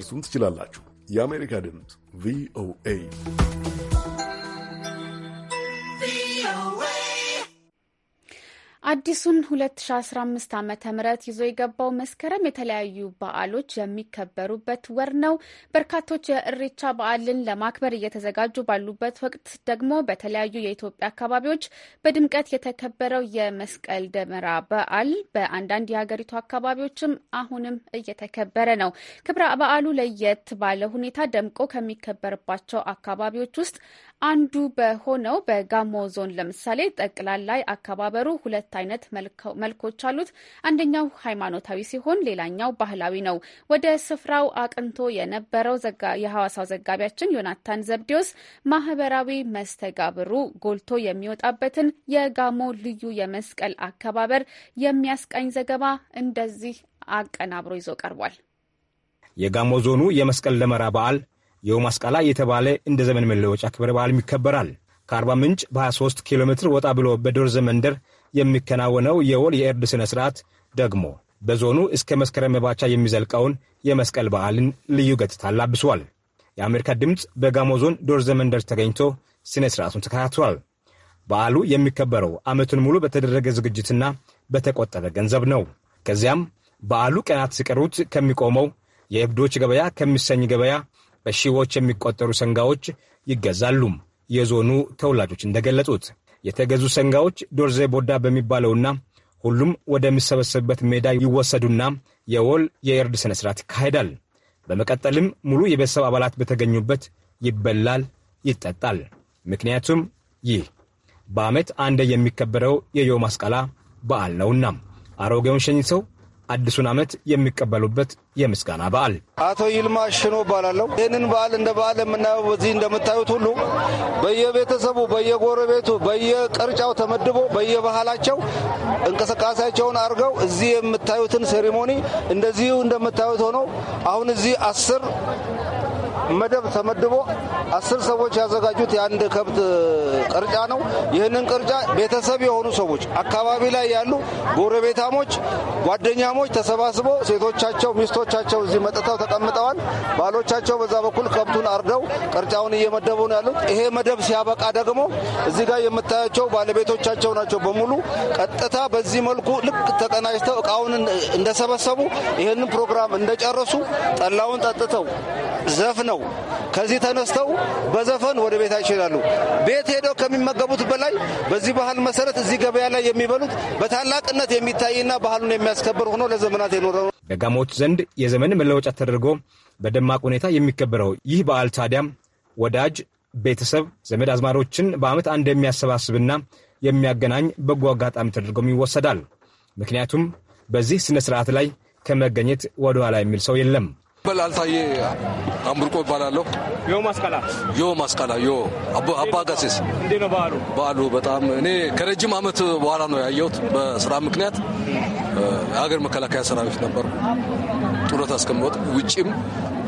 ልትደርሱን ትችላላችሁ። የአሜሪካ ድምፅ ቪኦኤ አዲሱን 2015 ዓ ም ይዞ የገባው መስከረም የተለያዩ በዓሎች የሚከበሩበት ወር ነው። በርካቶች የእሬቻ በዓልን ለማክበር እየተዘጋጁ ባሉበት ወቅት ደግሞ በተለያዩ የኢትዮጵያ አካባቢዎች በድምቀት የተከበረው የመስቀል ደመራ በዓል በአንዳንድ የሀገሪቱ አካባቢዎችም አሁንም እየተከበረ ነው። ክብረ በዓሉ ለየት ባለ ሁኔታ ደምቆ ከሚከበርባቸው አካባቢዎች ውስጥ አንዱ በሆነው በጋሞ ዞን ለምሳሌ ጠቅላላይ አካባበሩ ሁለት ሁለት አይነት መልኮች አሉት። አንደኛው ሃይማኖታዊ ሲሆን፣ ሌላኛው ባህላዊ ነው። ወደ ስፍራው አቅንቶ የነበረው የሐዋሳው ዘጋቢያችን ዮናታን ዘብዴዎስ ማህበራዊ መስተጋብሩ ጎልቶ የሚወጣበትን የጋሞ ልዩ የመስቀል አከባበር የሚያስቃኝ ዘገባ እንደዚህ አቀናብሮ ይዞ ቀርቧል። የጋሞ ዞኑ የመስቀል ደመራ በዓል የው ማስቃላ የተባለ እንደ ዘመን መለወጫ ክብረ በዓልም ይከበራል። ከአርባ ምንጭ በ23 ኪሎ ሜትር ወጣ ብሎ በዶር ዘመንደር የሚከናወነው የወል የእርድ ሥነ ሥርዓት ደግሞ በዞኑ እስከ መስከረም መባቻ የሚዘልቀውን የመስቀል በዓልን ልዩ ገጽታ ላብሷል። የአሜሪካ ድምፅ በጋሞ ዞን ዶርዘ መንደር ተገኝቶ ሥነ ሥርዓቱን ተከታትሏል። በዓሉ የሚከበረው ዓመቱን ሙሉ በተደረገ ዝግጅትና በተቆጠበ ገንዘብ ነው። ከዚያም በዓሉ ቀናት ሲቀሩት ከሚቆመው የእብዶች ገበያ ከሚሰኝ ገበያ በሺዎች የሚቆጠሩ ሰንጋዎች ይገዛሉ። የዞኑ ተወላጆች እንደገለጹት የተገዙ ሰንጋዎች ዶርዜ ቦዳ በሚባለውና ሁሉም ወደሚሰበሰብበት ሜዳ ይወሰዱና የወል የእርድ ስነ ይካሄዳል። በመቀጠልም ሙሉ የቤተሰብ አባላት በተገኙበት ይበላል፣ ይጠጣል። ምክንያቱም ይህ በዓመት አንደ የሚከበረው የዮ ማስቀላ በዓል ነውና አሮጌውን ሸኝተው አዲሱን ዓመት የሚቀበሉበት የምስጋና በዓል። አቶ ይልማ ሽኖ እባላለሁ። ይህንን በዓል እንደ በዓል የምናየው በዚህ እንደምታዩት ሁሉ በየቤተሰቡ፣ በየጎረቤቱ፣ በየቅርጫው ተመድቦ በየባህላቸው እንቅስቃሴያቸውን አድርገው እዚህ የምታዩትን ሴሪሞኒ እንደዚሁ እንደምታዩት ሆኖ አሁን እዚህ አስር መደብ ተመድቦ አስር ሰዎች ያዘጋጁት የአንድ ከብት ቅርጫ ነው። ይህንን ቅርጫ ቤተሰብ የሆኑ ሰዎች አካባቢ ላይ ያሉ ጎረቤታሞች፣ ጓደኛሞች ተሰባስበው ሴቶቻቸው፣ ሚስቶቻቸው እዚህ መጥተው ተቀምጠዋል። ባሎቻቸው በዛ በኩል ከብቱን አርደው ቅርጫውን እየመደቡ ነው ያሉት። ይሄ መደብ ሲያበቃ ደግሞ እዚህ ጋር የምታያቸው ባለቤቶቻቸው ናቸው በሙሉ ቀጥታ በዚህ መልኩ ልክ ተቀናጅተው እቃውን እንደሰበሰቡ ይህንን ፕሮግራም እንደጨረሱ ጠላውን ጠጥተው ዘፍነው ከዚህ ተነስተው በዘፈን ወደ ቤታ ይችላሉ። ቤት ሄደው ከሚመገቡት በላይ በዚህ ባህል መሰረት እዚህ ገበያ ላይ የሚበሉት በታላቅነት የሚታይና ባህሉን የሚያስከብር ሆኖ ለዘመናት የኖረ በጋሞች ዘንድ የዘመን መለወጫ ተደርጎ በደማቅ ሁኔታ የሚከበረው ይህ በዓል ታዲያም ወዳጅ ቤተሰብ፣ ዘመድ አዝማሮችን በዓመት አንድ የሚያሰባስብና የሚያገናኝ በጎ አጋጣሚ ተደርጎም ይወሰዳል። ምክንያቱም በዚህ ስነ ስርዓት ላይ ከመገኘት ወደኋላ የሚል ሰው የለም። በላልታዬ አምርቆ ይባላለሁ። ዮ ማስቀላ ዮ ማስቀላ ዮ አባ ጋሴስ እንዴት ነው በዓሉ? በዓሉ በጣም እኔ ከረጅም ዓመት በኋላ ነው ያየሁት። በስራ ምክንያት የሀገር መከላከያ ሰራዊት ነበርኩ ጡረታ እስከምወጥ ውጭም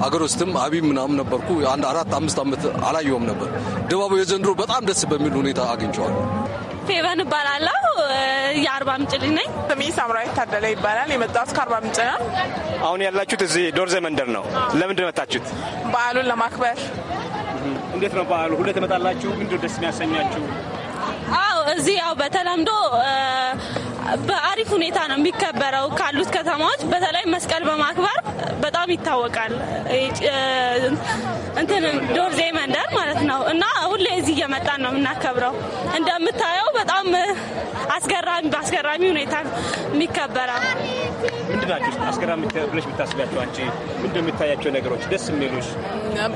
አገር ውስጥም አቢብ ምናምን ነበርኩ። አንድ አራት አምስት ዓመት አላየውም ነበር። ድባቡ የዘንድሮ በጣም ደስ በሚል ሁኔታ አግኝቸዋል። ፌቨን እባላለሁ። የአርባ ምንጭ ልጅ ነኝ። ስሜ ሳምራዊት ታደለ ይባላል። የመጣሁት ከአርባ ምንጭ ነው። አሁን ያላችሁት እዚህ ዶርዜ መንደር ነው። ለምንድን መጣችሁት? በዓሉን ለማክበር። እንዴት ነው በዓሉ? ሁሌ ትመጣላችሁ? ምንድን ደስ የሚያሰኛችሁ? አዎ እዚህ ያው በተለምዶ በአሪፍ ሁኔታ ነው የሚከበረው ካሉት ከተማዎች በተለይ መስቀል በማክበር በጣም ይታወቃል። እንትን ዶርዜ መንደር ማለት ነው እና ሁሌ እዚህ እየመጣን ነው የምናከብረው። እንደምታየው በጣም አስገራሚ በአስገራሚ ሁኔታ የሚከበረው ምንድናቸው? አስገራሚ ብለሽ አንቺ ምንድን ነገሮች ደስ የሚሉሽ?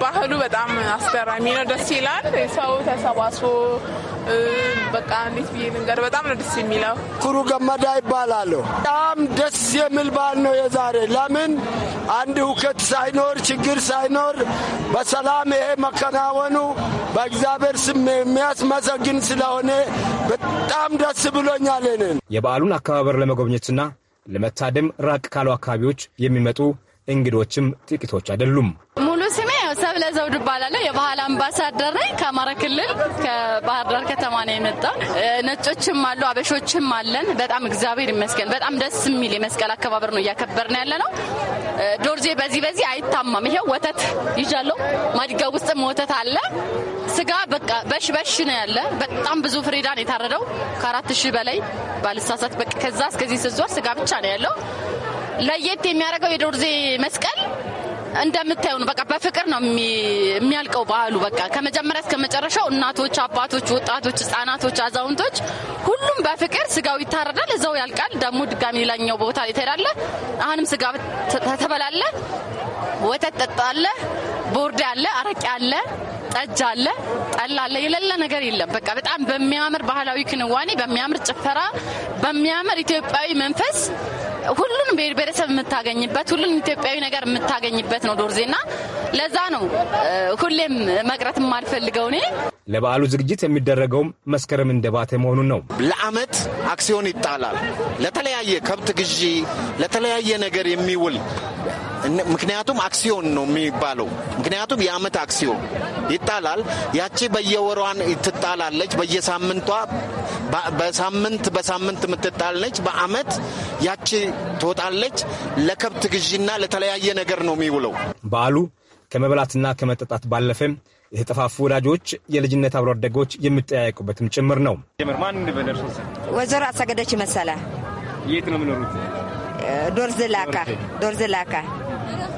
ባህሉ በጣም አስገራሚ ነው፣ ደስ ይላል። ሰው ተሰባስቦ በቃ እንዴት ብዬ ልንገር፣ በጣም ነው ደስ የሚለው ኩሩጋ ገመዳ ይባላለሁ። በጣም ደስ የሚል በዓል ነው የዛሬ። ለምን አንድ ሁከት ሳይኖር ችግር ሳይኖር በሰላም ይሄ መከናወኑ በእግዚአብሔር ስም የሚያስመሰግን ስለሆነ በጣም ደስ ብሎኛል። ንን የበዓሉን አከባበር ለመጎብኘትና ለመታደም ራቅ ካሉ አካባቢዎች የሚመጡ እንግዶችም ጥቂቶች አይደሉም። ተብለ ዘውድ እባላለሁ። የባህል አምባሳደር ነኝ። ከአማራ ክልል ከባህር ዳር ከተማ ነው የመጣው። ነጮችም አሉ አበሾችም አለን። በጣም እግዚአብሔር ይመስገን። በጣም ደስ የሚል የመስቀል አከባበር ነው እያከበርን ያለ ነው። ዶርዜ በዚህ በዚህ አይታማም። ይሄው ወተት ይዣለሁ። ማድጋ ውስጥም ወተት አለ። ስጋ በቃ በሽ በሽ ነው ያለ። በጣም ብዙ ፍሬዳ የታረደው ከአራት ሺህ በላይ ባልሳሳት። በቃ ከዛ እስከዚህ ስዟር ስጋ ብቻ ነው ያለው። ለየት የሚያደርገው የዶርዜ መስቀል እንደምታዩ ነው። በቃ በፍቅር ነው የሚያልቀው ባህሉ። በቃ ከመጀመሪያ እስከ መጨረሻው እናቶች፣ አባቶች፣ ወጣቶች፣ ህጻናቶች፣ አዛውንቶች ሁሉም በፍቅር ስጋው ይታረዳል፣ እዛው ያልቃል። ደግሞ ድጋሚ ሌላኛው ቦታ ይተዳለ። አሁንም ስጋ ተበላለ ወተት ጠጣለ፣ ቦርድ አለ፣ አረቄ አለ፣ ጠጅ አለ፣ ጠላ አለ። የሌለ ነገር የለም። በቃ በጣም በሚያምር ባህላዊ ክንዋኔ፣ በሚያምር ጭፈራ፣ በሚያምር ኢትዮጵያዊ መንፈስ ሁሉንም ብሔር ብሔረሰብ የምታገኝበት ሁሉንም ኢትዮጵያዊ ነገር የምታገኝበት ነው ዶርዜና ለዛ ነው ሁሌም መቅረት የማልፈልገው እኔ። ለበዓሉ ዝግጅት የሚደረገውም መስከረም እንደባተ መሆኑን ነው። ለአመት አክሲዮን ይጣላል። ለተለያየ ከብት ግዢ፣ ለተለያየ ነገር የሚውል ምክንያቱም አክሲዮን ነው የሚባለው። ምክንያቱም የአመት አክሲዮን ይጣላል። ያቺ በየወሯን ትጣላለች፣ በየሳምንቷ በሳምንት በሳምንት የምትጣልነች በአመት ያቺ ትወጣለች። ለከብት ግዢና ለተለያየ ነገር ነው የሚውለው። በዓሉ ከመብላትና ከመጠጣት ባለፈ የተጠፋፉ ወዳጆች፣ የልጅነት አብሮ አደጎች የሚጠያየቁበትም ጭምር ነው። ወይዘሮ አሰገደች መሰለ። የት ነው የምኖሩት? ዶርዝላካ ዶርዝላካ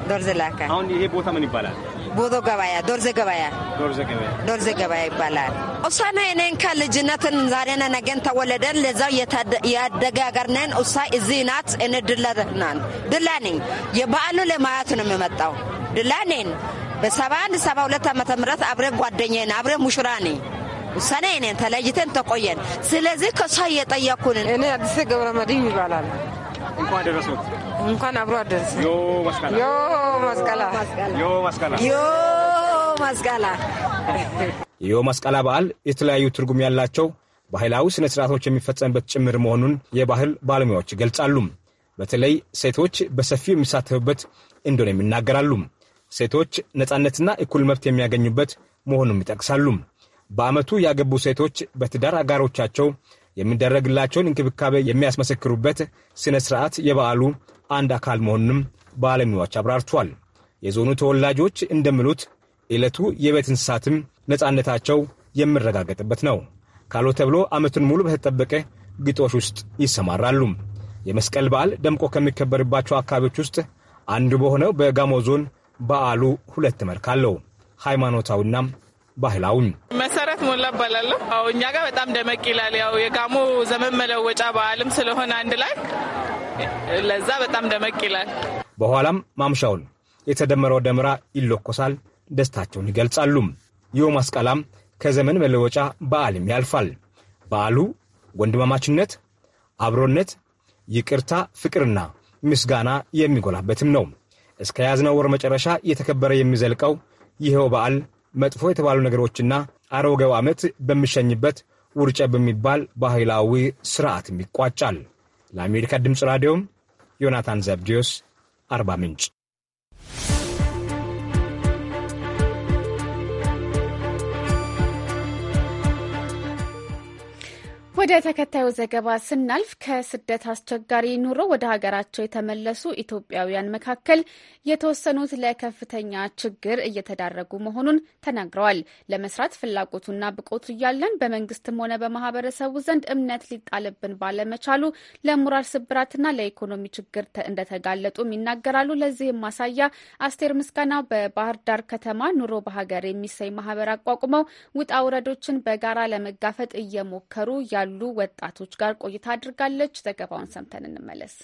ዶርዝላካ። አሁን ይሄ ቦታ ምን ይባላል? ቦዶ ገበያ፣ ዶርዜ ገበያ፣ ዶርዘ ገበያ ዶርዘ ገበያ ይባላል እሷን እኔን ከልጅነትን ዛሬነ ነገን ተወለደን ለዛው ያደገ ሀገር ነን። እሷ እዚህ ናት። እኔ ድላናን ድላ ነኝ። የበዓሉ ለማየት ነው የምመጣው። ድላ ነኝ። በሰባ አንድ ሰባ ሁለት ዓመተ ምህረት አብሬ ጓደኛ አብሬ ሙሽራ ነኝ። ውሳኔ እኔን ተለይተን ተቆየን። ስለዚህ ከእሷ እየጠየኩን እኔ አዲስ ገብረ መድህን ይባላል እንኳን ደረሱት። እንኳን አብሮ አደረሰ። ዮ ዮ ዮ ዮ በዓል የተለያዩ ትርጉም ያላቸው ባህላዊ ስነ ስርዓቶች የሚፈጸምበት ጭምር መሆኑን የባህል ባለሙያዎች ይገልጻሉ። በተለይ ሴቶች በሰፊው የሚሳተፉበት እንደሆነ ይናገራሉ። ሴቶች ነፃነትና እኩል መብት የሚያገኙበት መሆኑም ይጠቅሳሉ። በዓመቱ ያገቡ ሴቶች በትዳር አጋሮቻቸው የሚደረግላቸውን እንክብካቤ የሚያስመሰክሩበት ስነ ስርዓት የበዓሉ አንድ አካል መሆኑንም ባለሙያዎች አብራርቷል። የዞኑ ተወላጆች እንደሚሉት ዕለቱ የቤት እንስሳትም ነፃነታቸው የሚረጋገጥበት ነው ካሎ ተብሎ ዓመቱን ሙሉ በተጠበቀ ግጦሽ ውስጥ ይሰማራሉ። የመስቀል በዓል ደምቆ ከሚከበርባቸው አካባቢዎች ውስጥ አንዱ በሆነው በጋሞ ዞን በዓሉ ሁለት መልክ አለው። ሃይማኖታዊና ባህላውን መሰረት ሞላ እባላለሁ። አዎ እኛ ጋር በጣም ደመቅ ይላል። ያው የጋሞ ዘመን መለወጫ በዓልም ስለሆነ አንድ ላይ ለዛ በጣም ደመቅ ይላል። በኋላም ማምሻውን የተደመረው ደመራ ይለኮሳል፣ ደስታቸውን ይገልጻሉ። ይኸው ማስቀላም ከዘመን መለወጫ በዓልም ያልፋል። በዓሉ ወንድማማችነት፣ አብሮነት፣ ይቅርታ፣ ፍቅርና ምስጋና የሚጎላበትም ነው። እስከ ያዝነው ወር መጨረሻ እየተከበረ የሚዘልቀው ይኸው በዓል መጥፎ የተባሉ ነገሮችና አሮጌው ዓመት በሚሸኝበት ውርጨ በሚባል ባህላዊ ስርዓትም ይቋጫል። ለአሜሪካ ድምፅ ራዲዮም ዮናታን ዘብዲዮስ አርባ ምንጭ ወደ ተከታዩ ዘገባ ስናልፍ ከስደት አስቸጋሪ ኑሮ ወደ ሀገራቸው የተመለሱ ኢትዮጵያውያን መካከል የተወሰኑት ለከፍተኛ ችግር እየተዳረጉ መሆኑን ተናግረዋል። ለመስራት ፍላጎቱና ብቆቱ እያለን በመንግስትም ሆነ በማህበረሰቡ ዘንድ እምነት ሊጣልብን ባለመቻሉ ለሞራል ስብራትና ለኢኮኖሚ ችግር እንደተጋለጡም ይናገራሉ። ለዚህም ማሳያ አስቴር ምስጋና በባህር ዳር ከተማ ኑሮ በሀገር የሚሰኝ ማህበር አቋቁመው ውጣ ውረዶችን በጋራ ለመጋፈጥ እየሞከሩ ያሉ ካሉ ወጣቶች ጋር ቆይታ አድርጋለች። ዘገባውን ሰምተን እንመለስ።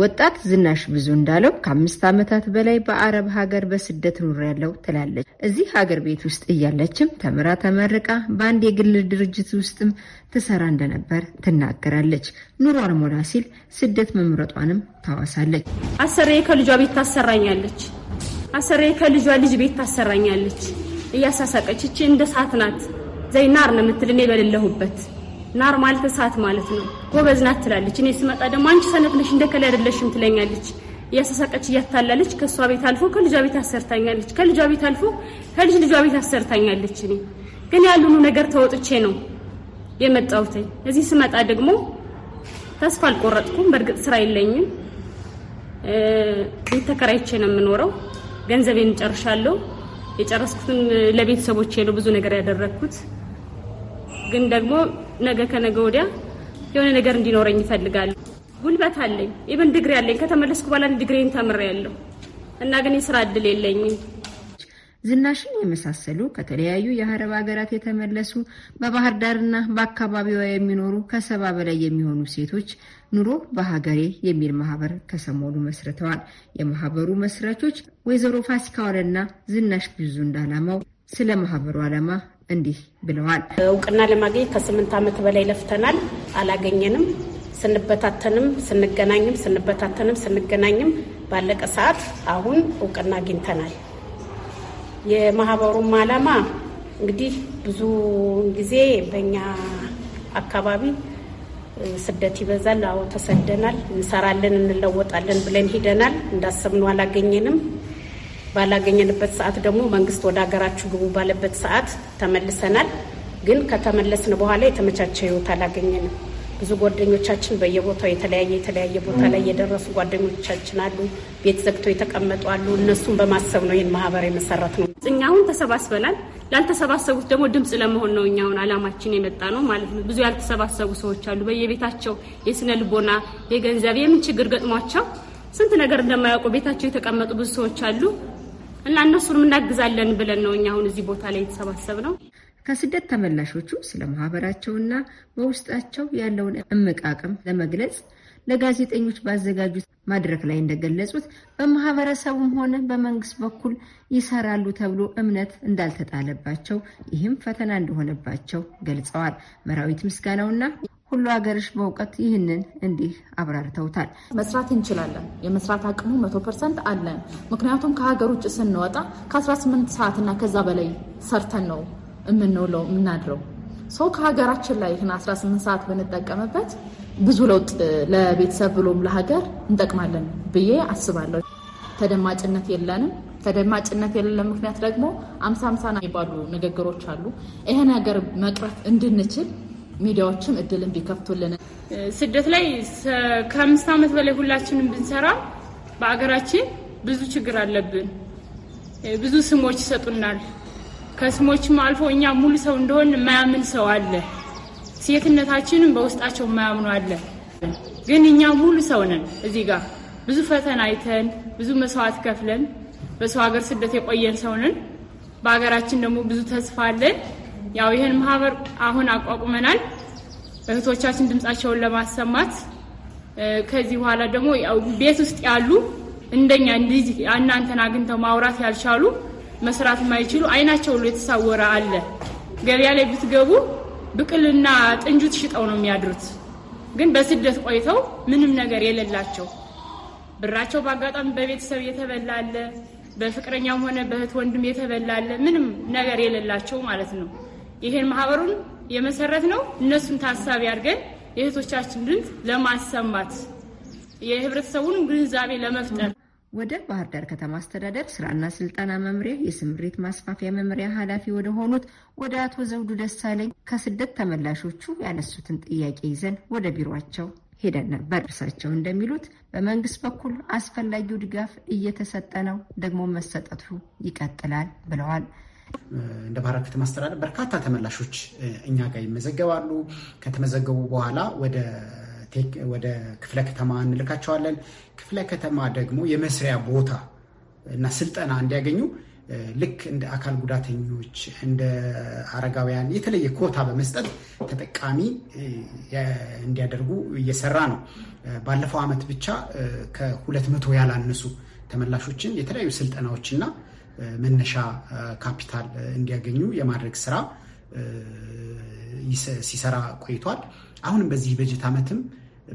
ወጣት ዝናሽ ብዙ እንዳለው ከአምስት ዓመታት በላይ በአረብ ሀገር በስደት ኑሮ ያለው ትላለች። እዚህ ሀገር ቤት ውስጥ እያለችም ተምራ ተመርቃ በአንድ የግል ድርጅት ውስጥም ትሰራ እንደነበር ትናገራለች። ኑሮ አልሞላ ሲል ስደት መምረጧንም ታዋሳለች። አሰሬ ከልጇ ቤት ታሰራኛለች። አሰሬ ከልጇ ልጅ ቤት ታሰራኛለች። እያሳሳቀች እቺ እንደ ሰዓት ናት ዘይናር ነው የምትል እኔ በሌለሁበት ናርማል ተሳት ማለት ነው። ጎበዝ ናት ትላለች። እኔ ስመጣ ደግሞ አንቺ ሰነፍ ነሽ እንደከላይ አይደለሽም ትለኛለች። እያሳሳቀች እያታላለች ከእሷ ቤት አልፎ ከልጇ ቤት አሰርታኛለች። ከልጇ ቤት አልፎ ከልጅ ልጇ ቤት አሰርታኛለች። እኔ ግን ያሉኑ ነገር ተወጥቼ ነው የመጣሁት። እዚህ ስመጣ ደግሞ ተስፋ አልቆረጥኩም። በእርግጥ ስራ የለኝም። ቤት ተከራይቼ ነው የምኖረው። ገንዘቤን ጨርሻለሁ። የጨረስኩትን ለቤተሰቦቼ ነው ብዙ ነገር ያደረግኩት። ግን ደግሞ ነገ ከነገ ወዲያ የሆነ ነገር እንዲኖረኝ ይፈልጋሉ። ጉልበት አለኝ፣ ኢቨን ድግሪ አለኝ። ከተመለስኩ በኋላ ዲግሪን ተምሬያለሁ እና ግን የስራ እድል የለኝም። ዝናሽን የመሳሰሉ ከተለያዩ የአረብ ሀገራት የተመለሱ በባህር ዳርና በአካባቢዋ የሚኖሩ ከሰባ በላይ የሚሆኑ ሴቶች ኑሮ በሀገሬ የሚል ማህበር ከሰሞኑ መስርተዋል። የማህበሩ መስራቾች ወይዘሮ ፋሲካ ዋለና ዝናሽ ብዙ እንዳላማው ስለ ማህበሩ ዓላማ እንዲህ ብለዋል። እውቅና ለማግኘት ከስምንት ዓመት በላይ ለፍተናል፣ አላገኘንም። ስንበታተንም ስንገናኝም ስንበታተንም ስንገናኝም ባለቀ ሰዓት አሁን እውቅና አግኝተናል። የማህበሩም ዓላማ እንግዲህ ብዙውን ጊዜ በእኛ አካባቢ ስደት ይበዛል። አዎ ተሰደናል፣ እንሰራለን፣ እንለወጣለን ብለን ሂደናል። እንዳሰብነው አላገኘንም። ባላገኘንበት ሰዓት ደግሞ መንግስት ወደ ሀገራችሁ ግቡ ባለበት ሰዓት ተመልሰናል። ግን ከተመለስን በኋላ የተመቻቸ ህይወት አላገኘንም። ብዙ ጓደኞቻችን በየቦታው የተለያየ የተለያየ ቦታ ላይ የደረሱ ጓደኞቻችን አሉ። ቤት ዘግተው የተቀመጡ አሉ። እነሱን በማሰብ ነው ይህን ማህበር የመሰረት ነው። እኛ አሁን ተሰባስበናል። ላልተሰባሰቡት ደግሞ ድምፅ ለመሆን ነው እኛ አሁን አላማችን የመጣ ነው ማለት ነው። ብዙ ያልተሰባሰቡ ሰዎች አሉ። በየቤታቸው የስነ ልቦና፣ የገንዘብ፣ የምን ችግር ገጥሟቸው ስንት ነገር እንደማያውቁ ቤታቸው የተቀመጡ ብዙ ሰዎች አሉ። እና እነሱንም እናግዛለን ብለን ነው እኛ አሁን እዚህ ቦታ ላይ የተሰባሰብ ነው። ከስደት ተመላሾቹ ስለ ማህበራቸውና በውስጣቸው ያለውን እምቅ አቅም ለመግለጽ ለጋዜጠኞች ባዘጋጁት መድረክ ላይ እንደገለጹት በማህበረሰቡም ሆነ በመንግስት በኩል ይሰራሉ ተብሎ እምነት እንዳልተጣለባቸው ይህም ፈተና እንደሆነባቸው ገልጸዋል። መራዊት ምስጋናውና ሁሉ ሀገርሽ በእውቀት ይህንን እንዲህ አብራርተውታል። መስራት እንችላለን። የመስራት አቅሙ መቶ ፐርሰንት አለን። ምክንያቱም ከሀገር ውጭ ስንወጣ ከ18 ሰዓትና ከዛ በላይ ሰርተን ነው የምንውለው የምናድረው። ሰው ከሀገራችን ላይ ይህን 18 ሰዓት ብንጠቀምበት ብዙ ለውጥ ለቤተሰብ ብሎም ለሀገር እንጠቅማለን ብዬ አስባለሁ። ተደማጭነት የለንም። ተደማጭነት የሌለ ምክንያት ደግሞ አምሳ አምሳ የሚባሉ ንግግሮች አሉ። ይሄ ሀገር መቅረፍ እንድንችል ሚዲያዎችም እድልን ቢከፍቱልን። ስደት ላይ ከአምስት ዓመት በላይ ሁላችንም ብንሰራ በአገራችን ብዙ ችግር አለብን። ብዙ ስሞች ይሰጡናል። ከስሞችም አልፎ እኛ ሙሉ ሰው እንደሆን የማያምን ሰው አለ። ሴትነታችንም በውስጣቸው የማያምኑ አለ። ግን እኛ ሙሉ ሰው ነን። እዚህ ጋር ብዙ ፈተና አይተን ብዙ መስዋዕት ከፍለን በሰው ሀገር ስደት የቆየን ሰው ነን። በሀገራችን ደግሞ ብዙ ተስፋ አለን። ያው ይህን ማህበር አሁን አቋቁመናል። እህቶቻችን ድምጻቸውን ለማሰማት ከዚህ በኋላ ደግሞ ቤት ውስጥ ያሉ እንደኛ እንዲህ እናንተን አግኝተው ማውራት ያልቻሉ መስራት የማይችሉ አይናቸው ሁሉ የተሳወረ አለ። ገበያ ላይ ብትገቡ ብቅልና ጥንጁት ሽጠው ነው የሚያድሩት። ግን በስደት ቆይተው ምንም ነገር የሌላቸው ብራቸው በአጋጣሚ በቤተሰብ የተበላለ፣ በፍቅረኛም ሆነ በእህት ወንድም የተበላለ ምንም ነገር የሌላቸው ማለት ነው። ይሄን ማህበሩን የመሰረት ነው። እነሱን ታሳቢ አድርገን የእህቶቻችን ድምፅ ለማሰማት የህብረተሰቡን ግንዛቤ ለመፍጠር ወደ ባህር ዳር ከተማ አስተዳደር ስራና ስልጠና መምሪያ የስምሪት ማስፋፊያ መምሪያ ኃላፊ ወደ ሆኑት ወደ አቶ ዘውዱ ደሳለኝ ከስደት ተመላሾቹ ያነሱትን ጥያቄ ይዘን ወደ ቢሮቸው ሄደን ነበር። እርሳቸው እንደሚሉት በመንግስት በኩል አስፈላጊው ድጋፍ እየተሰጠ ነው፣ ደግሞ መሰጠቱ ይቀጥላል ብለዋል። እንደ ባህር ዳር ከተማ አስተዳደር በርካታ ተመላሾች እኛ ጋር ይመዘገባሉ። ከተመዘገቡ በኋላ ወደ ወደ ክፍለ ከተማ እንልካቸዋለን። ክፍለ ከተማ ደግሞ የመስሪያ ቦታ እና ስልጠና እንዲያገኙ ልክ እንደ አካል ጉዳተኞች እንደ አረጋውያን የተለየ ኮታ በመስጠት ተጠቃሚ እንዲያደርጉ እየሰራ ነው። ባለፈው ዓመት ብቻ ከሁለት መቶ ያላነሱ ተመላሾችን የተለያዩ ስልጠናዎችና መነሻ ካፒታል እንዲያገኙ የማድረግ ስራ ሲሰራ ቆይቷል። አሁንም በዚህ በጀት ዓመትም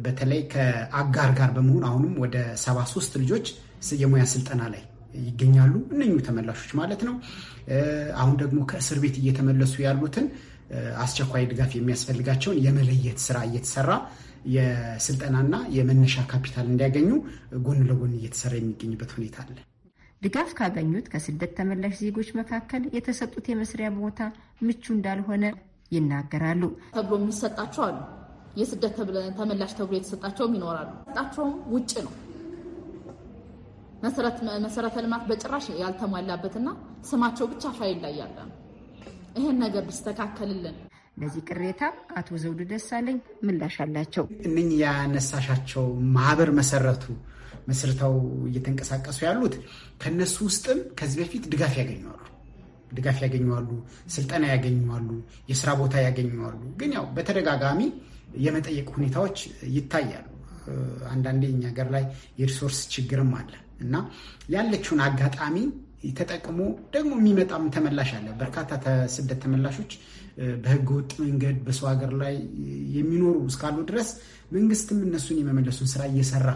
በተለይ ከአጋር ጋር በመሆን አሁንም ወደ 73 ልጆች የሙያ ስልጠና ላይ ይገኛሉ። እነኙ ተመላሾች ማለት ነው። አሁን ደግሞ ከእስር ቤት እየተመለሱ ያሉትን አስቸኳይ ድጋፍ የሚያስፈልጋቸውን የመለየት ስራ እየተሰራ የስልጠናና የመነሻ ካፒታል እንዲያገኙ ጎን ለጎን እየተሰራ የሚገኝበት ሁኔታ አለ። ድጋፍ ካገኙት ከስደት ተመላሽ ዜጎች መካከል የተሰጡት የመስሪያ ቦታ ምቹ እንዳልሆነ ይናገራሉ። ተብሎ የሚሰጣቸው አሉ። የስደት ተመላሽ ተብሎ የተሰጣቸውም ይኖራሉ። ሰጣቸውም ውጭ ነው። መሰረተ ልማት በጭራሽ ያልተሟላበትና ስማቸው ብቻ ፋይል ላይ ያለ ነው። ይህን ነገር ቢስተካከልልን። ለዚህ ቅሬታ አቶ ዘውዱ ደሳለኝ ምላሽ አላቸው። እነኝ ያነሳሻቸው ማህበር መሰረቱ መስርተው እየተንቀሳቀሱ ያሉት ከነሱ ውስጥም ከዚህ በፊት ድጋፍ ያገኘዋሉ ድጋፍ ያገኘዋሉ፣ ስልጠና ያገኘዋሉ፣ የስራ ቦታ ያገኘዋሉ። ግን ያው በተደጋጋሚ የመጠየቅ ሁኔታዎች ይታያሉ። አንዳንዴ እኛ ሀገር ላይ የሪሶርስ ችግርም አለ እና ያለችውን አጋጣሚ ተጠቅሞ ደግሞ የሚመጣም ተመላሽ አለ። በርካታ ስደት ተመላሾች በህገ መንገድ በሰው ሀገር ላይ የሚኖሩ እስካሉ ድረስ መንግስትም እነሱን የመመለሱን ስራ እየሰራ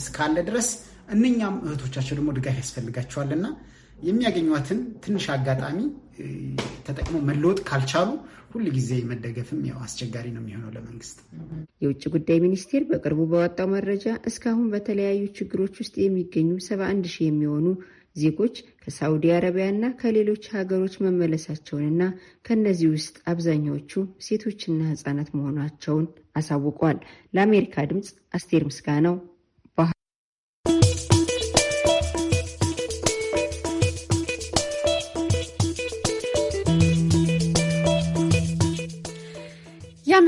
እስካለ ድረስ እነኛም እህቶቻቸው ደግሞ ድጋፍ ያስፈልጋቸዋልና የሚያገኟትን ትንሽ አጋጣሚ ተጠቅሞ መለወጥ ካልቻሉ ሁል ጊዜ መደገፍም ያው አስቸጋሪ ነው የሚሆነው ለመንግስት። የውጭ ጉዳይ ሚኒስቴር በቅርቡ በወጣው መረጃ እስካሁን በተለያዩ ችግሮች ውስጥ የሚገኙ 71 ሺህ የሚሆኑ ዜጎች ከሳውዲ አረቢያ እና ከሌሎች ሀገሮች መመለሳቸውንና ከእነዚህ ውስጥ አብዛኛዎቹ ሴቶችና ህጻናት መሆናቸውን አሳውቋል። ለአሜሪካ ድምፅ አስቴር ምስጋናው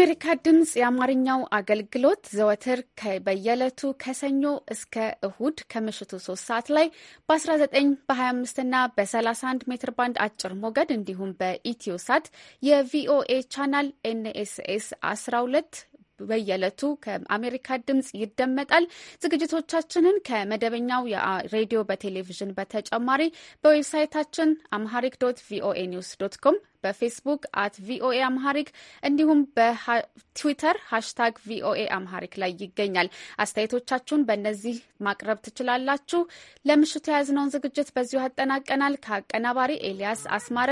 የአሜሪካ ድምፅ የአማርኛው አገልግሎት ዘወትር በየዕለቱ ከሰኞ እስከ እሁድ ከምሽቱ ሶስት ሰዓት ላይ በ19 በ25ና በ31 ሜትር ባንድ አጭር ሞገድ እንዲሁም በኢትዮ ሳት የቪኦኤ ቻናል ኤንኤስኤስ 12 በየዕለቱ ከአሜሪካ ድምፅ ይደመጣል። ዝግጅቶቻችንን ከመደበኛው የሬዲዮ በቴሌቪዥን በተጨማሪ በዌብሳይታችን አምሃሪክ ዶት ቪኦኤ ኒውስ ዶት ኮም በፌስቡክ አት ቪኦኤ አምሃሪክ እንዲሁም በትዊተር ሃሽታግ ቪኦኤ አምሃሪክ ላይ ይገኛል። አስተያየቶቻችሁን በእነዚህ ማቅረብ ትችላላችሁ። ለምሽቱ የያዝነውን ዝግጅት በዚሁ አጠናቀናል። ከአቀናባሪ ኤልያስ አስማረ፣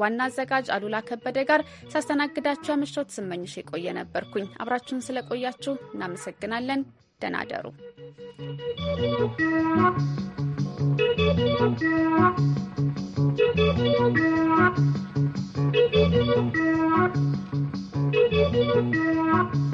ዋና አዘጋጅ አሉላ ከበደ ጋር ሳስተናግዳችሁ ምሽት ስመኝሽ የቆየ ነበርኩኝ። አብራችሁን ስለቆያችሁ እናመሰግናለን። ደህና ደሩ። Thank you.